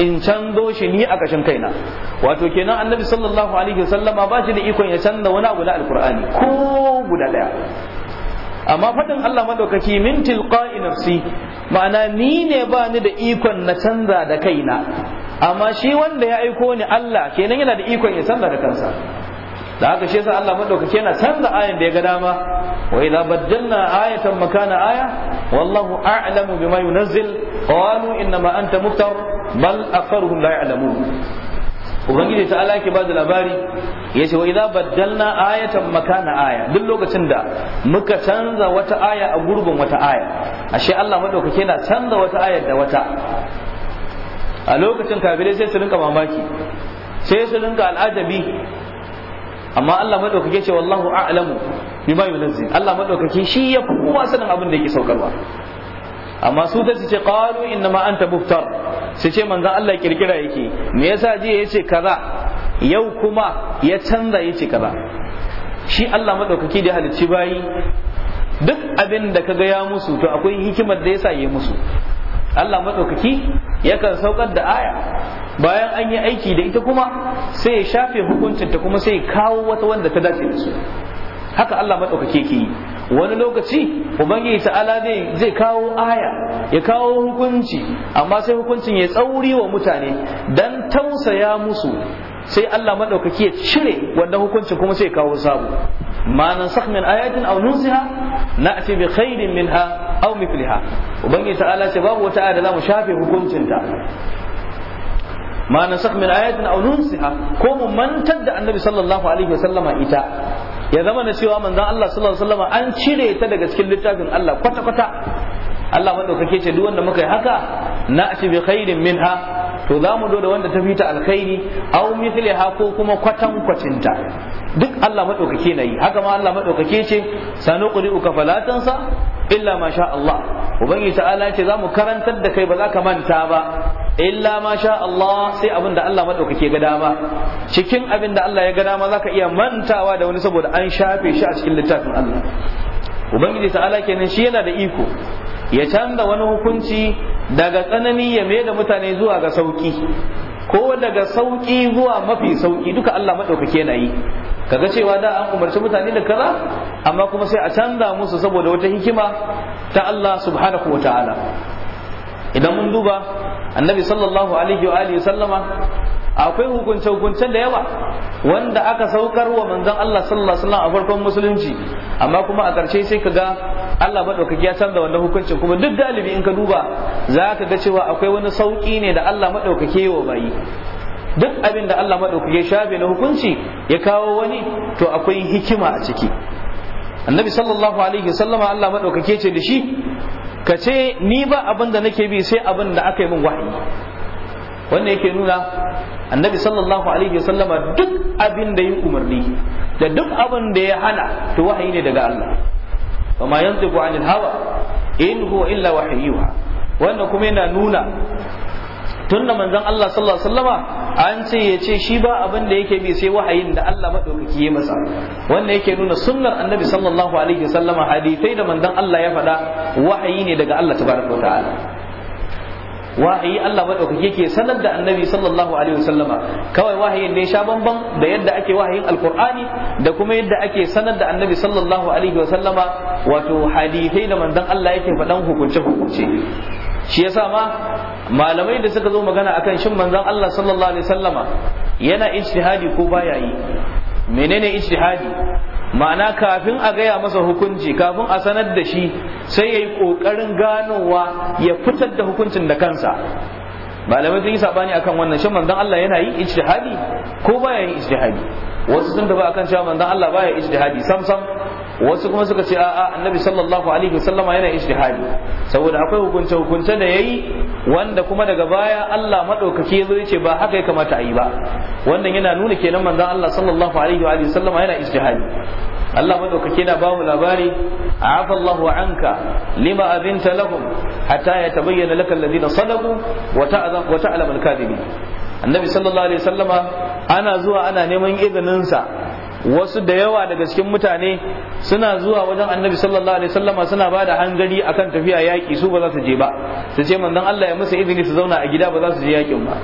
in canzo shi ni a kashin kaina wato kenan annabi sallallahu alaihi sallama ba shi da ikon ya canza wani abu na alkur'ani ko guda ɗaya amma faɗin Allah maɗaukaki min tilqa'i nafsi ma'ana ni ne ba ni da ikon na canza da kaina amma shi wanda ya aiko ni Allah kenan yana da ikon ya sanda da kansa da haka shi yasa Allah madaukake yana canza ayan da ya ga dama wa idza baddalna ayatan makana aya wallahu a'lamu bima yunazzil qalu innama anta muftar bal aktharuhum la ya'lamun ubangiji ta Allah ke ba da labari ya ce wa idza baddalna ayatan makana aya duk lokacin da muka canza wata aya a gurbin wata aya ashe Allah madaukake yana canza wata aya da wata a lokacin kafirai sai su rinka mamaki sai su rinka al'ajabi amma Allah madaukake ce wallahu a'lamu bima yunzil Allah madaukake shi ya fi kowa sanin abin da yake saukarwa amma su ta ce qalu inna ma anta muftar su ce manzon Allah kirkira yake me yasa jiya yace kaza yau kuma ya canza yace kaza shi Allah madaukake da halicci bayi duk abin da kaga ya musu to akwai hikimar da yasa ya musu Allah maɗaukaki yakan saukar da aya bayan an yi aiki da ita kuma sai ya shafe hukuncin ta kuma sai ya kawo wata wanda ta dace da su haka Allah maɗaukaki ke yi wani lokaci ubangiji ta'ala zai zai kawo aya ya kawo hukunci amma sai hukuncin ya tsauri wa mutane dan tausaya musu sai Allah maɗaukaki ya cire wannan hukuncin kuma sai ya kawo sabo Manan nansakh ayatin aunusiha nunsiha bi khairin minha aw mithliha ubangiji ta'ala ce babu wata aya da zamu shafe hukuncin ta ma nasakh min ayatin aw nunsiha ko mu mantar da annabi sallallahu alaihi wasallama ita ya zama na cewa manzon Allah sallallahu alaihi an cire ta daga cikin littafin Allah kwata kwata Allah madaukake ce duk wanda muka yi haka na'ti bi khairin minha to za mu da wanda ta fita alkhairi aw mithliha ko kuma kwatan kwacinta duk Allah madaukake na yi haka ma Allah madaukake ce sanuqri'uka falatansa illa ma sha Allah ubangiji ta'ala ce za mu karantar da kai ba za ka manta ba illa ma sha Allah sai abin da Allah madaukake ga dama cikin abin da Allah ya ga dama zaka iya mantawa da wani saboda an shafe shi a cikin littafin Allah ubangiji ta'ala kenan shi yana da iko ya canza wani hukunci daga tsanani ya mai da mutane zuwa ga sauki ko daga sauki zuwa mafi sauki duka Allah maɗaukake yana yi kaga cewa da an umarci mutane da kaza amma kuma sai a canza musu saboda wata hikima ta Allah subhanahu wa ta'ala idan mun duba annabi sallallahu alaihi wa alihi sallama akwai hukunce-hukuncen da yawa wanda aka saukar wa manzon Allah sallallahu alaihi wasallam a farkon musulunci amma kuma a ƙarshe sai kaga Allah madaukaki ya canza wannan hukuncin kuma duk galibi in ka duba za ka ga cewa akwai wani sauki ne da Allah madaukake wa bayi duk abin da Allah madaukaki ya shafe na hukunci ya kawo wani to akwai hikima a ciki annabi sallallahu alaihi wasallama Allah madaukake ce da shi ka ce ni ba abinda da nake bi sai abinda da aka yi min wahayi wannan yake nuna annabi sallallahu alaihi wasallama duk abin da ya umarni da duk abin da ya hana to wahayi ne daga Allah wa ma yantiqu anil hawa in huwa illa wahyuha wannan kuma yana nuna tun da manzon Allah sallallahu alaihi wasallama an ce ya ce shi ba abin da yake bi sai wahayin da Allah madaukaki ya masa wannan yake nuna sunnar annabi sallallahu alaihi wasallama hadithai da manzon Allah ya faɗa wahayi ne daga Allah tabaraka wa ta'ala wahayi Allah madaukake ke sanar da annabi sallallahu alaihi wasallama kawai wahayin ne sha bamban da yadda ake wahayin alqur'ani da kuma yadda ake sanar da annabi sallallahu alaihi wasallama wato hadithai da Mandan Allah yake faɗan hukunce hukunce shi yasa ma malamai da suka zo magana akan shin manzon Allah sallallahu alaihi wasallama yana ijtihadi ko baya yi menene ijtihadi ma'ana kafin a gaya masa hukunci kafin a sanar da shi sai yayi yi ƙoƙarin ganowa ya fitar da hukuncin da kansa malamai sun yi sabani akan wannan shin manzon Allah yana yi ijtihadi ko baya yin ijtihadi wasu sun tafi akan cewa manzon Allah baya ijtihadi sam sam wasu kuma suka ce a'a annabi sallallahu alaihi wasallama yana ijtihadi saboda akwai hukunce hukunce da yayi wanda kuma daga baya Allah madaukaki yazo yace ba haka ya kamata a yi ba wannan yana nuna kenan manzon Allah sallallahu alaihi wa sallam yana ijtihadi Allah madaukaki yana ba mu labari afa Allahu anka lima abinta lahum hatta yatabayyana laka alladhina sadaqu wa ta'lamu al-kadhibin annabi sallallahu alaihi wasallama ana zuwa ana neman izininsa wasu da yawa daga cikin mutane suna zuwa wajen annabi sallallahu alaihi sallama suna ba da hangari akan tafiya yaƙi su ba za su je ba su ce manzon Allah ya musu izini su zauna a gida ba za su je yaƙin ba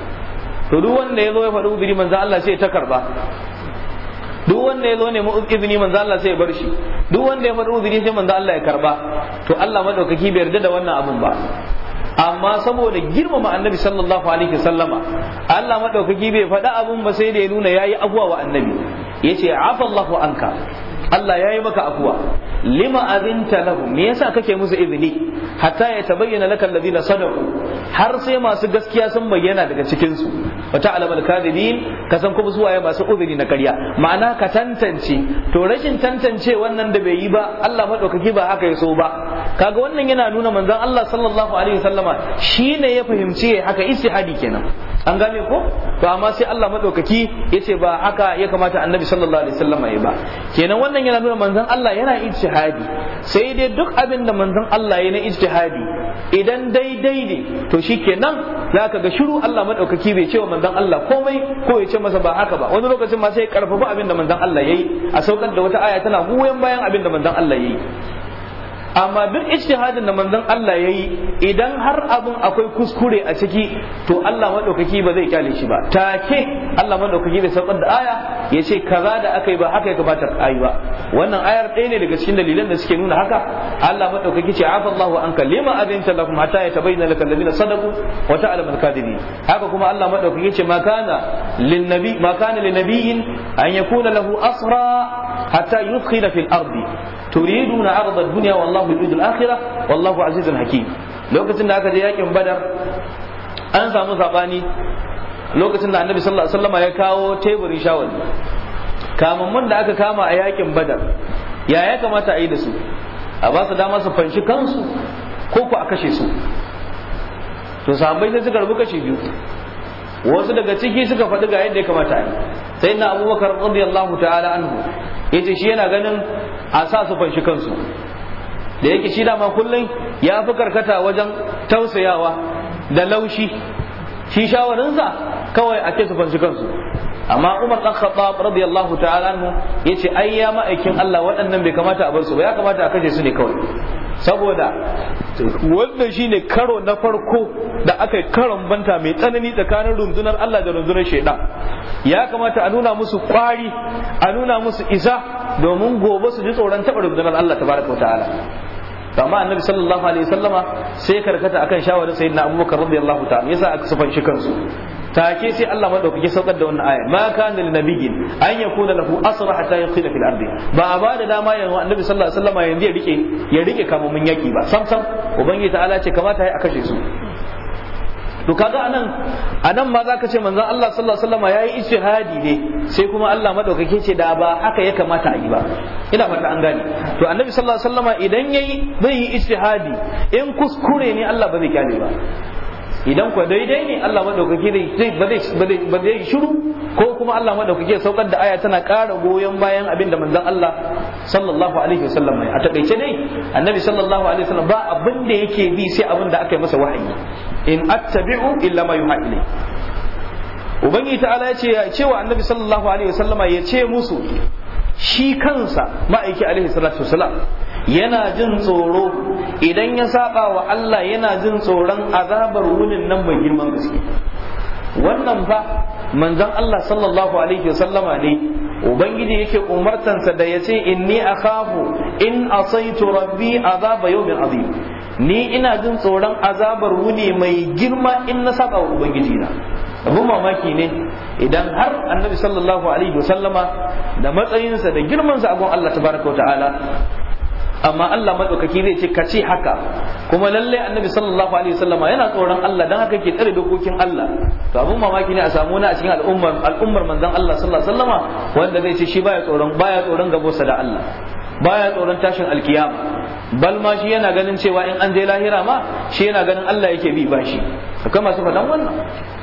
to duk wanda ya zo ya faɗi uzuri manzon Allah sai ya takarba karba duk wanda ya zo ne izini manzon Allah sai ya bar shi duk wanda ya faɗi uzuri sai manzon Allah ya karba to Allah madaukaki bai yarda da wannan abun ba amma saboda girmama annabi sallallahu alaihi sallama, Allah maɗaukaki bai faɗa abin ba sai da ya nuna yayi abuwa wa annabi yace ce, Allahu anka Allah ya yi maka afuwa lima azinta lahu me yasa kake musu izini hatta ya tabayyana laka alladhina sadaqu har sai masu gaskiya sun bayyana daga cikin su wa ta'lam alkadibin kasan ka san kuma su waye masu uzuri na ƙarya ma'ana ka tantance to rashin tantance wannan da bai yi ba Allah madaukaki ba haka ya so ba kaga wannan yana nuna manzon Allah sallallahu alaihi wasallama shine ya fahimci haka istihadi kenan an gane ko to amma sai Allah madaukaki yace ba aka ya kamata annabi sallallahu alaihi wasallam yayi ba kenan wannan yana nuna manzon Allah yana ijtihadi sai dai duk abin da manzon Allah yana ijtihadi idan daidai ne to shikenan zaka ga shiru Allah madaukaki bai cewa manzon Allah komai ko ya ce masa ba haka ba wani lokacin ma sai ya karfafa abin da manzon Allah yayi a saukar da wata aya tana goyon bayan abin da manzon Allah yayi amma duk ijtihadin da manzon Allah yayi idan har abun akwai kuskure a ciki to Allah madaukaki ba zai kyale shi ba take Allah madaukaki bai saukar da aya ya ce kaza da aka yi ba haka ya gabata ayi ba wannan ayar ɗaya ne daga cikin dalilan da suke nuna haka Allah madaukaki ce afa Allahu anka lima adinta lakum hatta yatabayyana laka alladhina sadaqu wa ta'lamu al-kadhibin haka kuma Allah madaukaki ce ma kana lin nabi ma kana lin nabiyyin an yakuna lahu asra hatta yudkhila fil ardi turiduna arda dunya wallahu yuridu al akhirah wallahu azizun hakim lokacin da aka je yakin badar an samu sabani lokacin da annabi sallallahu alaihi wasallam ya kawo teburin shawali mun da aka kama a yakin badar ya ya kamata a yi da su a ba su dama su fanshi kansu ko ku a kashe su to sahabbai sai suka rubu kashe biyu wasu daga ciki suka faɗi ga yadda ya kamata a yi sai na abubakar radiyallahu ta'ala anhu ya ce shi yana ganin a sa su fanshi kansu da yake shi dama kullum ya fi karkata wajen tausayawa da laushi shi shawarinsa kawai ake su fanshi kansu amma Umar dan Khattab radiyallahu ta'ala anhu ce ai ya ma'aikin Allah waɗannan bai kamata a bar su ba ya kamata a kashe su ne kawai saboda wannan shine karo na farko da aka yi karon banta mai tsanani tsakanin rundunar Allah da rundunar shaidan ya kamata a nuna musu kwari a nuna musu isa domin gobe su ji tsoron taɓa rundunar Allah tabaraka ta'ala amma annabi sallallahu alaihi wasallama sai karkata akan shawarin sayyidina abubakar radiyallahu ta'ala yasa aka sufan kansu take sai Allah madaukaki saukar da wannan aya ma kana lin nabiyyin an yakuna lahu asra hatta yaqila fil ardi ba a ba da dama yanzu annabi sallallahu alaihi wasallam yanzu ya rike ya rike kamomin yaki ba sam sam ubangiji ta'ala ce kamata a kashe su to kaga anan anan ma zaka ce manzon Allah sallallahu alaihi wasallam yayi ijtihadi ne sai kuma Allah madaukake ce da ba haka ya kamata a yi ba ina fata an gane to annabi sallallahu alaihi wasallam idan yayi zai yi ijtihadi in kuskure ne Allah ba zai kyale ba idan ku daidai ne Allah madaukaki zai ba zai shiru ko kuma Allah madaukaki ya saukar da aya tana ƙara goyon bayan abin da manzon Allah sallallahu alaihi wasallam mai a takaice dai annabi sallallahu alaihi wasallam ba abin da yake bi sai abin da aka yi masa wahayi in attabi'u illa ma yuha ilai ubangi ta'ala ya ce ya cewa annabi sallallahu alaihi wasallama ya ce musu shi kansa ma'aiki alaihi salatu wasallam yana jin tsoro idan ya saba wa Allah yana jin tsoron azabar wunin nan mai girman gaske wannan fa manzon Allah sallallahu alaihi wasallama ne ubangiji yake umartansa da yace inni akhafu in asaitu rabbi azaba yawmin azim ni ina jin tsoron azabar wuni mai girma in na saba wa ubangiji na abu mamaki ne idan har annabi sallallahu alaihi wasallama da matsayinsa da girmansa a Allah tabaraka wa ta'ala amma Allah madaukaki zai ce ka ce haka kuma lalle annabi sallallahu alaihi wasallama yana tsoron Allah dan haka yake tsare dokokin Allah to abun mamaki ne a samu na a cikin al'ummar al'ummar manzon Allah sallallahu alaihi wasallama wanda zai ce shi baya tsoron baya tsoron gabo sa da Allah baya tsoron tashin alkiyama bal ma shi yana ganin cewa in an je lahira ma shi yana ganin Allah yake bi bashi akwai masu fadan wannan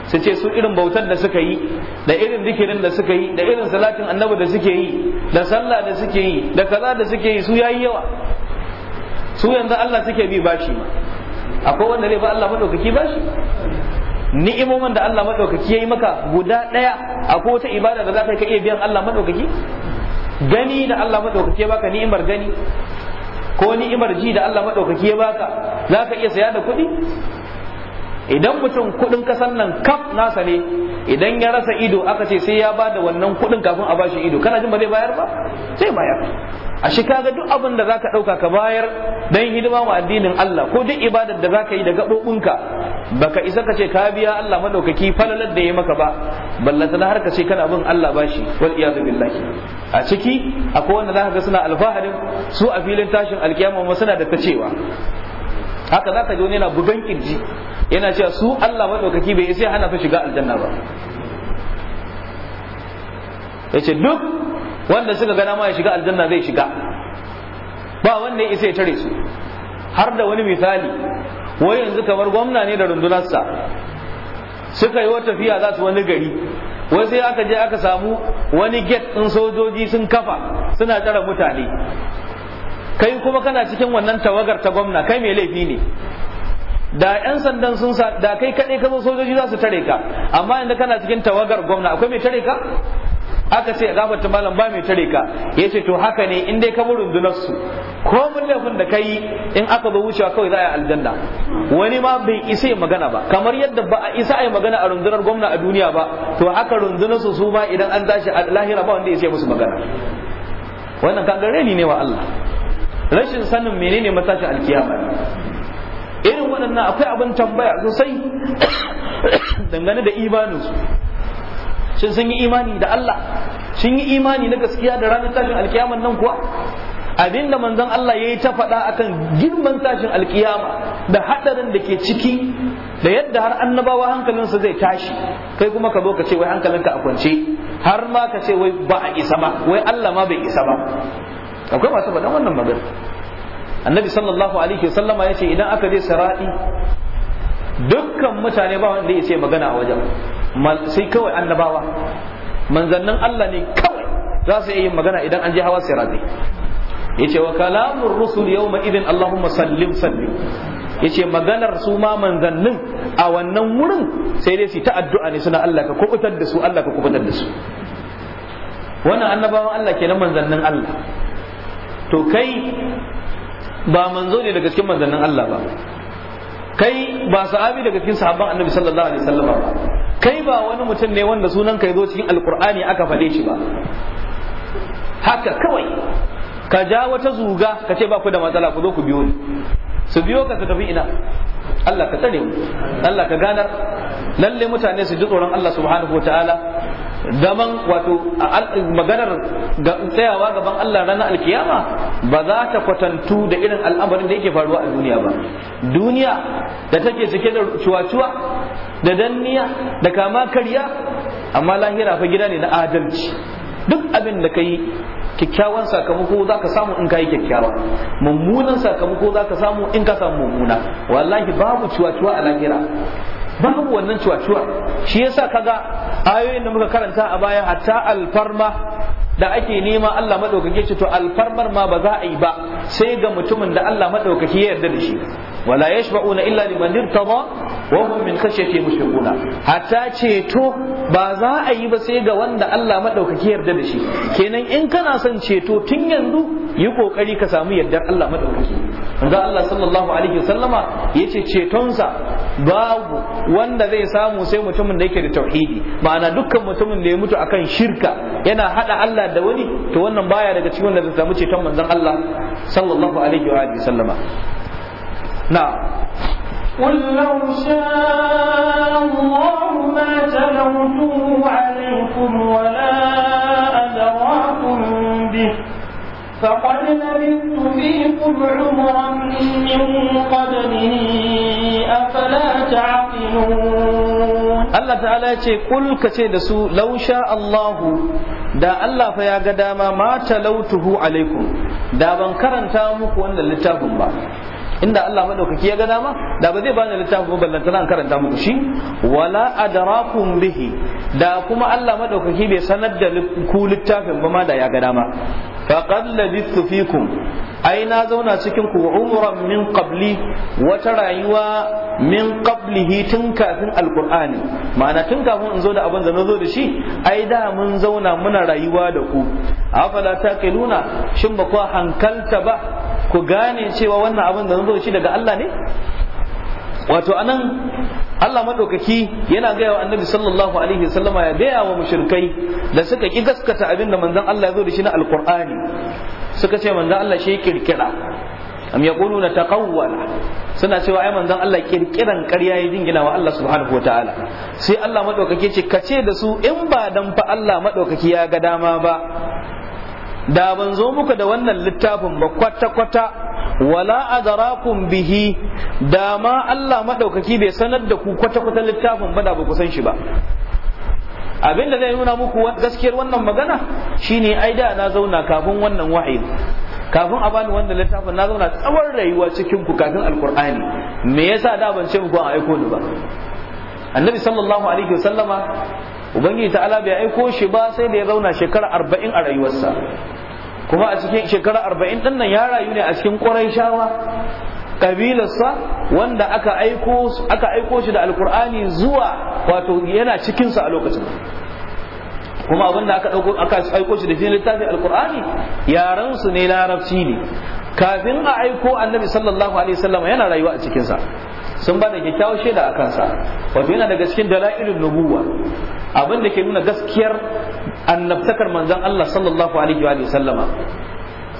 su ce su irin bautar da suka yi da irin zikirin da suka yi da irin salatin annabi da suke yi da sallah da suke yi da kaza da suke yi su yayi yawa su yanzu Allah suke bi bashi shi akwai wanda zai ba Allah madaukaki bashi ni'imomin da Allah madaukaki yayi maka guda daya akwai wata ibada da za ka iya biyan Allah madaukaki gani da Allah madaukaki ya baka ni'imar gani ko ni'imar ji da Allah maɗaukaki ya baka za ka iya saya da kuɗi idan mutum kuɗin kasan nan kaf nasa ne idan ya rasa ido aka ce sai ya bada wannan kuɗin kafin a bashi ido kana jin ba zai bayar ba sai bayar a shi kaga duk abin da zaka ɗauka ka bayar dan hidima wa addinin Allah ko duk ibadar da zaka yi da gaɓoɓinka baka isa ka ce ka biya Allah madaukaki falalar da ya maka ba ballanta har ka ce kana bin Allah bashi wal iyadu billahi a ciki akwai wanda zaka ga suna alfaharin su a filin tashin alkiyama suna da ta cewa haka za ka ji wani yana bugan kirji yana cewa su Allah maɗaukaki bai sai hana su shiga aljanna ba ya ce duk wanda suka gana ma ya shiga aljanna zai shiga ba wanda ya isa ya tare su har da wani misali wai yanzu kamar gwamna ne da rundunarsa suka yi wata tafiya za su wani gari wai sai aka je aka samu wani get ɗin sojoji sun kafa suna tsare mutane kai kuma kana cikin wannan tawagar ta gwamna kai mai laifi ne da yan sandan sun sa da kai kaɗai ka sojoji za su tare ka amma inda kana cikin tawagar gwamna akwai mai tare ka aka ce gafarta malam ba mai tare ka ya ce to haka ne in dai ka bi rundunar su ko mun laifin da kai in aka zo wucewa kawai za a yi aljanna wani ma bai isa ya magana ba kamar yadda ba a isa a yi magana a rundunar gwamna a duniya ba to haka rundunar su su ma idan an tashi a lahira ba wanda ya ce musu magana wannan kan ne wa Allah rashin sanin menene matashin alkiyama irin waɗannan akwai abin tambaya sosai dangane da imaninsu shin sun yi imani da Allah sun yi imani na gaskiya da ranar tashin alkiyaman nan kuwa abinda manzon Allah ya yi ta faɗa akan girman tashin alkiyama da haɗarin da ke ciki da yadda har annabawa hankalinsa zai tashi kai kuma ka zo ka ce wai hankalinka a kwance har ma ka ce wai ba a isa ba wai Allah ma bai isa ba akwai masu faɗan wannan magana annabi sallallahu alaihi wasallama ya ce idan aka je sara'i dukkan mutane ba wanda ya ce magana a wajen sai kawai annabawa manzannin Allah ne kawai za su iya yin magana idan an je hawa sirabi ce wa kalamun rusul yawma idin Allahumma sallim sallim yace maganar su ma manzannin a wannan wurin sai dai su ta addu'a ne suna Allah ka kubutar da su Allah ka kubutar da su wannan annabawan Allah kenan manzannin Allah to kai ba manzo ne daga cikin manzannin Allah ba kai ba sahabi daga cikin sahabban annabi sallallahu alaihi wasallam ba kai ba wani mutum ne wanda sunan ka zo cikin alqur'ani aka faɗe shi ba haka kawai ka ja wata zuga ka ce ba ku da matsala ku zo ku biyo ni su biyo ka su tafi ina Allah ka tsare mu Allah ka ganar lalle mutane su ji tsoron Allah subhanahu wataala zaman wato maganar tsayawa gaban Allah ranar alkiyama ba za ta kwatantu da irin al'amarin da yake faruwa a duniya ba duniya da take cike da cuwa-cuwa da danniya da kama karya amma lahira fa gida ne na adalci duk abin da ka yi kyakkyawan sakamako za ka samu in ka yi kyakkyawa mummunan sakamako za ka samu in ka samu mummuna wallahi babu cuwa-cuwa a lahira babu wannan cuwa-cuwa shi yasa kaga ayoyin da muka karanta a baya hatta alfarma da ake nema Allah maɗaukaki ce to alfarmar ma ba za a yi ba sai ga mutumin da Allah maɗaukaki ya yarda da shi wala yashba'una illa liman irtada wa hum min khashyati mushfiquna hatta ceto ba za a yi ba sai ga wanda Allah madaukaki yarda da shi kenan in kana son ceto tun yanzu yi kokari ka samu yardar Allah madaukaki manzo Allah sallallahu alaihi wasallama yace cetonsa babu wanda zai samu sai mutumin da yake da tauhidi ma'ana dukkan mutumin da ya mutu akan shirka yana hada Allah da wani to wannan baya daga cikin wanda zai samu ceton manzon Allah sallallahu alaihi wa sallama na قل لو شاء الله ما تلوته عليكم ولا أدراكم به فقد لبثت فيكم عمرا من قبله أفلا تعقلون Allah ta'ala ya ce kul ka ce da su lausha Allahu da Allah fa ya ga dama ma talautuhu alaikum da ban karanta muku wannan littafin ba inda Allah madaukaki ya ga dama da ba zai bani littafin ba ballantana an karanta muku shi wala adrakum bihi da kuma Allah madaukaki bai sanar da ku littafin ba ma da ya ga dama faqad labithu fikum ai na zauna cikin ku umran min qabli wata rayuwa min qablihi tun kafin alqur'ani ma'ana tun kafin in zo da abin da na zo da shi ai da mun zauna muna rayuwa da ku afala taqiluna shin ba ku hankalta ba ku gane cewa wannan abin da zo shi daga Allah ne wato anan Allah madaukaki yana gaya wa annabi sallallahu alaihi wasallama ya gaya wa mushirkai da suka ki gaskata abin da manzon Allah ya zo da shi na alqur'ani suka ce manzon Allah shi kirkira am yaquluna taqawwala suna cewa ai manzon Allah kirkiran ƙarya ya jingina wa Allah subhanahu ta'ala. sai Allah madaukaki ce kace da su in ba dan fa Allah madaukaki ya ga dama ba da ban zo muku da wannan littafin ba kwata-kwata wala adarakum bihi da ma Allah maɗaukaki bai sanar da ku kwata-kwata littafin ba da ba ku san shi ba Abinda zai nuna muku gaskiyar wannan magana shine ai da na zauna kafin wannan wahayin kafin a bani wannan littafin na zauna tsawon rayuwa cikin ku kafin alkur'ani me yasa da ban ce muku an aiko ni ba annabi sallallahu alaihi wasallama ubangiji ta'ala bai aiko shi ba sai da ya zauna shekara arba'in a rayuwarsa kuma a cikin shekara arba'in ɗin nan ya rayu ne a cikin ƙwarai shawa kabilarsa wanda aka aiko aka aiko shi da alƙur'ani zuwa wato yana cikinsa a lokacin kuma abinda aka aka aiko shi da cikin littafin alƙur'ani yaran su ne larabci ne kafin a aiko annabi sallallahu alaihi wasallam yana rayuwa a cikinsa sun ba da kyakkyawar shaida a kansa wato yana daga cikin dala'ilin nubuwa abin da ke nuna gaskiyar annabtakar manzon Allah sallallahu alaihi wa sallama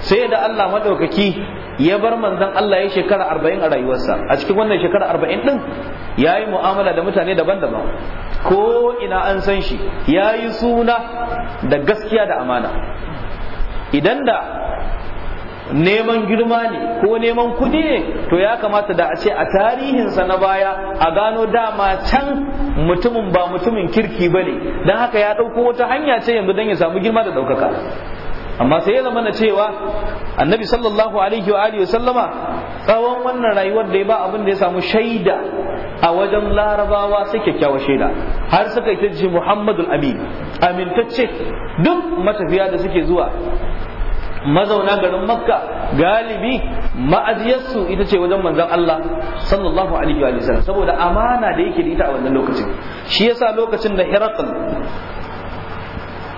sai da Allah madaukaki ya bar manzon Allah ya shekara arba'in a rayuwarsa a cikin wannan shekara arba'in din ya yi mu'amala da mutane daban-daban ko ina an san shi ya yi suna da gaskiya da amana idan da neman girma ne ko neman kudi ne to ya kamata da a ce a tarihinsa na baya a gano dama can mutumin ba mutumin kirki ba ne don haka ya ɗauko wata hanya ce yanzu don ya samu girma da ɗaukaka amma sai ya zama na cewa annabi sallallahu alaihi wa alihi sallama tsawon wannan rayuwar da ya ba abin da ya samu shaida a wajen larabawa sai kyakkyawar shaida har suka yi ta ce muhammadul amin amintacce duk matafiya da suke zuwa mazauna garin makka galibi ma'aziyarsu ita ce wajen manzon Allah sallallahu alaihi wa sallam saboda amana da yake da ita a wannan lokacin shi yasa lokacin da Herakl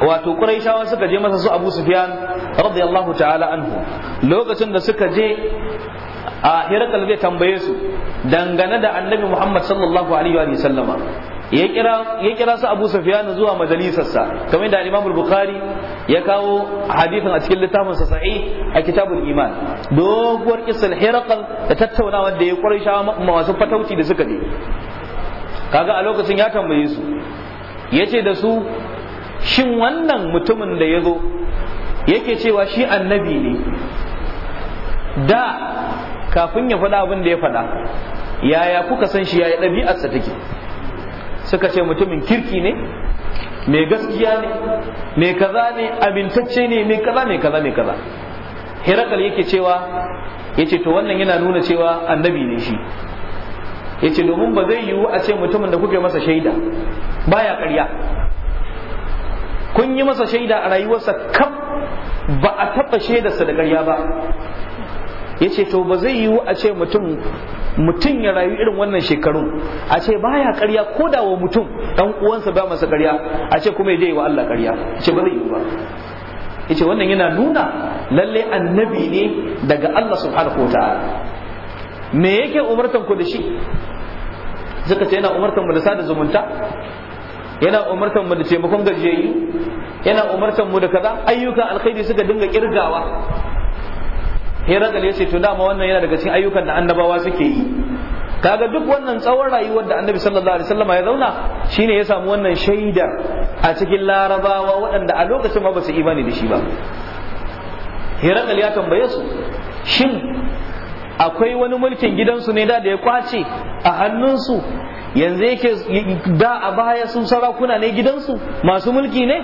wato Quraishawa suka je masa su Abu Sufyan radiyallahu ta'ala anhu lokacin da suka je a Herakl zai tambaye su dangane da Annabi Muhammad sallallahu alaihi wa sallama ya kira su Abu Sufyan zuwa majalisarsa kamar da Imam Bukhari ya kawo hadithin a cikin littafin sa sahih a kitabul iman doguwar kisan hirqal da tattaunawa da ya quraisha masu fatauci da suka je kaga a lokacin ya tambaye su yace da su shin wannan mutumin da ya zo yake cewa shi annabi ne da kafin ya faɗa abin da ya faɗa yaya kuka san shi yi ɗabi'arsa take suka ce mutumin kirki ne mai gaskiya ne mai kaza ne amintacce ne mai kaza mai kaza mai kaza herakal yake cewa ce to wannan yana nuna cewa annabi ne shi Ya ce domin ba zai yiwu a ce mutumin da kuke masa shaida baya karya. kun yi masa shaida a rayuwarsa kam ba a taɓa shaidarsa da karya ba Ya ce to ba zai yiwu a ce mutum mutum ya rayu irin wannan shekarun a ce ba ya karya ko da wa mutum dan uwansa ba masa karya. a ce kuma ya je wa Allah karya. a ce ba zai yi ba ce wannan yana nuna lalle annabi ne daga Allah subhanahu kota. me yake umartan ku da shi suka ce yana umartan mu da sada zumunta yana umartan mu da taimakon gajiyayi yana umartan mu da kaza ayyuka alkhairi suka dinga kirgawa herakal ya ce to dama wannan yana daga cikin ayyukan da annabawa suke yi kaga duk wannan tsawon rayuwar da annabi sallallahu alaihi wasallam ya zauna shine ya samu wannan shaida a cikin larabawa waɗanda a lokacin ma ba su imani da shi ba herakal ya tambaye su shin akwai wani mulkin gidansu ne da da ya kwace a hannunsu yanzu yake da a baya sun sarakuna ne gidansu masu mulki ne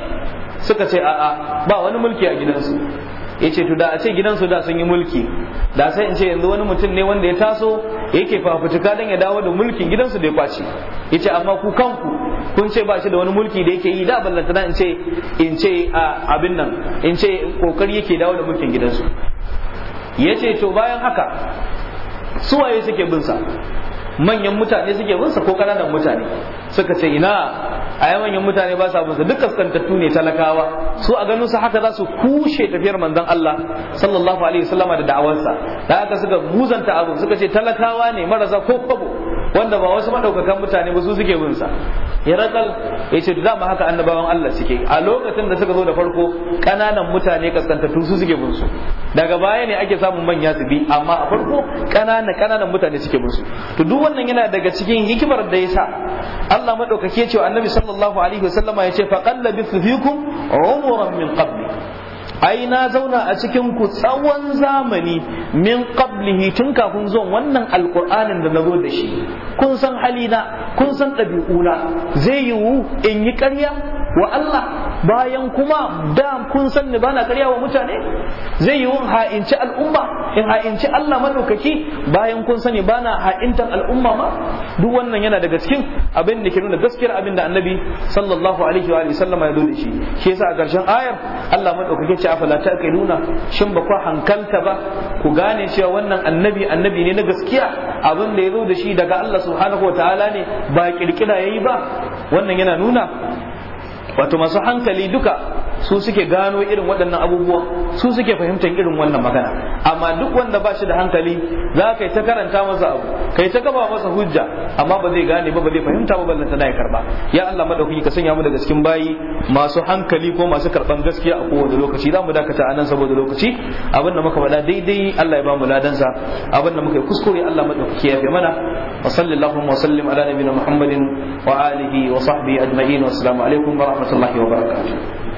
suka ce a'a ba wani mulki a gidansu yace to da a ce gidansu da sun yi mulki da sai in ce yanzu wani mutum ne wanda ya taso yake fafutuka dan ya dawo da mulkin gidansu da ya kwace yace amma ku kanku kun ce ba shi da wani mulki da yake yi da ballanta in ce in ce abin nan in ce kokari yake dawo da mulkin gidansu yace to bayan haka suwaye suke bin sa manyan mutane suke binsa ko kananan mutane suka ce ina a yi manyan mutane ba sa binsa duk kaskantattu ne talakawa su a ganin su haka za su kushe tafiyar manzon Allah sallallahu alaihi wasallama da da'awarsa da haka suka muzanta abu suka ce talakawa ne marasa ko kwabo wanda ba wasu maɗaukakan mutane ba su suke bin sa rakal ya ce dama haka annabawan Allah suke a lokacin da suka zo da farko kananan mutane kaskantattu su suke bin su daga baya ne ake samun manya su bi amma a farko kanana kananan mutane suke bin su to duk wannan yana daga cikin hikimar da yasa Allah madaukake ya ce annabi sallallahu alaihi wasallama ya ce faqallabi fikum umuran min qabl ai na zauna a cikin ku tsawon zamani min qablihi tun kafin zuwan wannan alqur'anin da na zo da shi kun san halina kun san ɗabi'una zai yiwu in yi ƙarya wa Allah bayan kuma da kun san ni bana karya wa mutane zai yi ha'inci al'umma in ha'inci Allah madaukaki bayan kun sani bana ha'intan al'umma ma duk wannan yana daga cikin abin da ke nuna gaskiyar abin da annabi sallallahu alaihi wa sallama ya dole shi shi yasa a ƙarshen ayar Allah madaukaki ce afala nuna. shin ba kwa hankalta ba ku gane cewa wannan annabi annabi ne na gaskiya abin da ya zo da shi daga Allah subhanahu wa ta'ala ne ba kirkira yayi ba wannan yana nuna wato masu hankali duka su suke gano irin waɗannan abubuwa su suke fahimtar irin wannan magana amma duk wanda ba shi da hankali za ka yi ta karanta masa abu ka ta gaba masa hujja amma ba zai gane ba ba zai fahimta ba ballanta na ya karba ya Allah madaukaki ka sanya mu daga cikin bayi masu hankali ko masu karban gaskiya a kowane lokaci za mu dakata anan saboda lokaci abin da muka faɗa daidai Allah ya ba mu ladansa abin da muka yi kuskure Allah madaukaki ya fi mana wa sallallahu wa sallim ala nabiyina Muhammadin wa alihi wa sahbihi ajma'in wa assalamu alaikum wa rahmatullahi wa barakatuh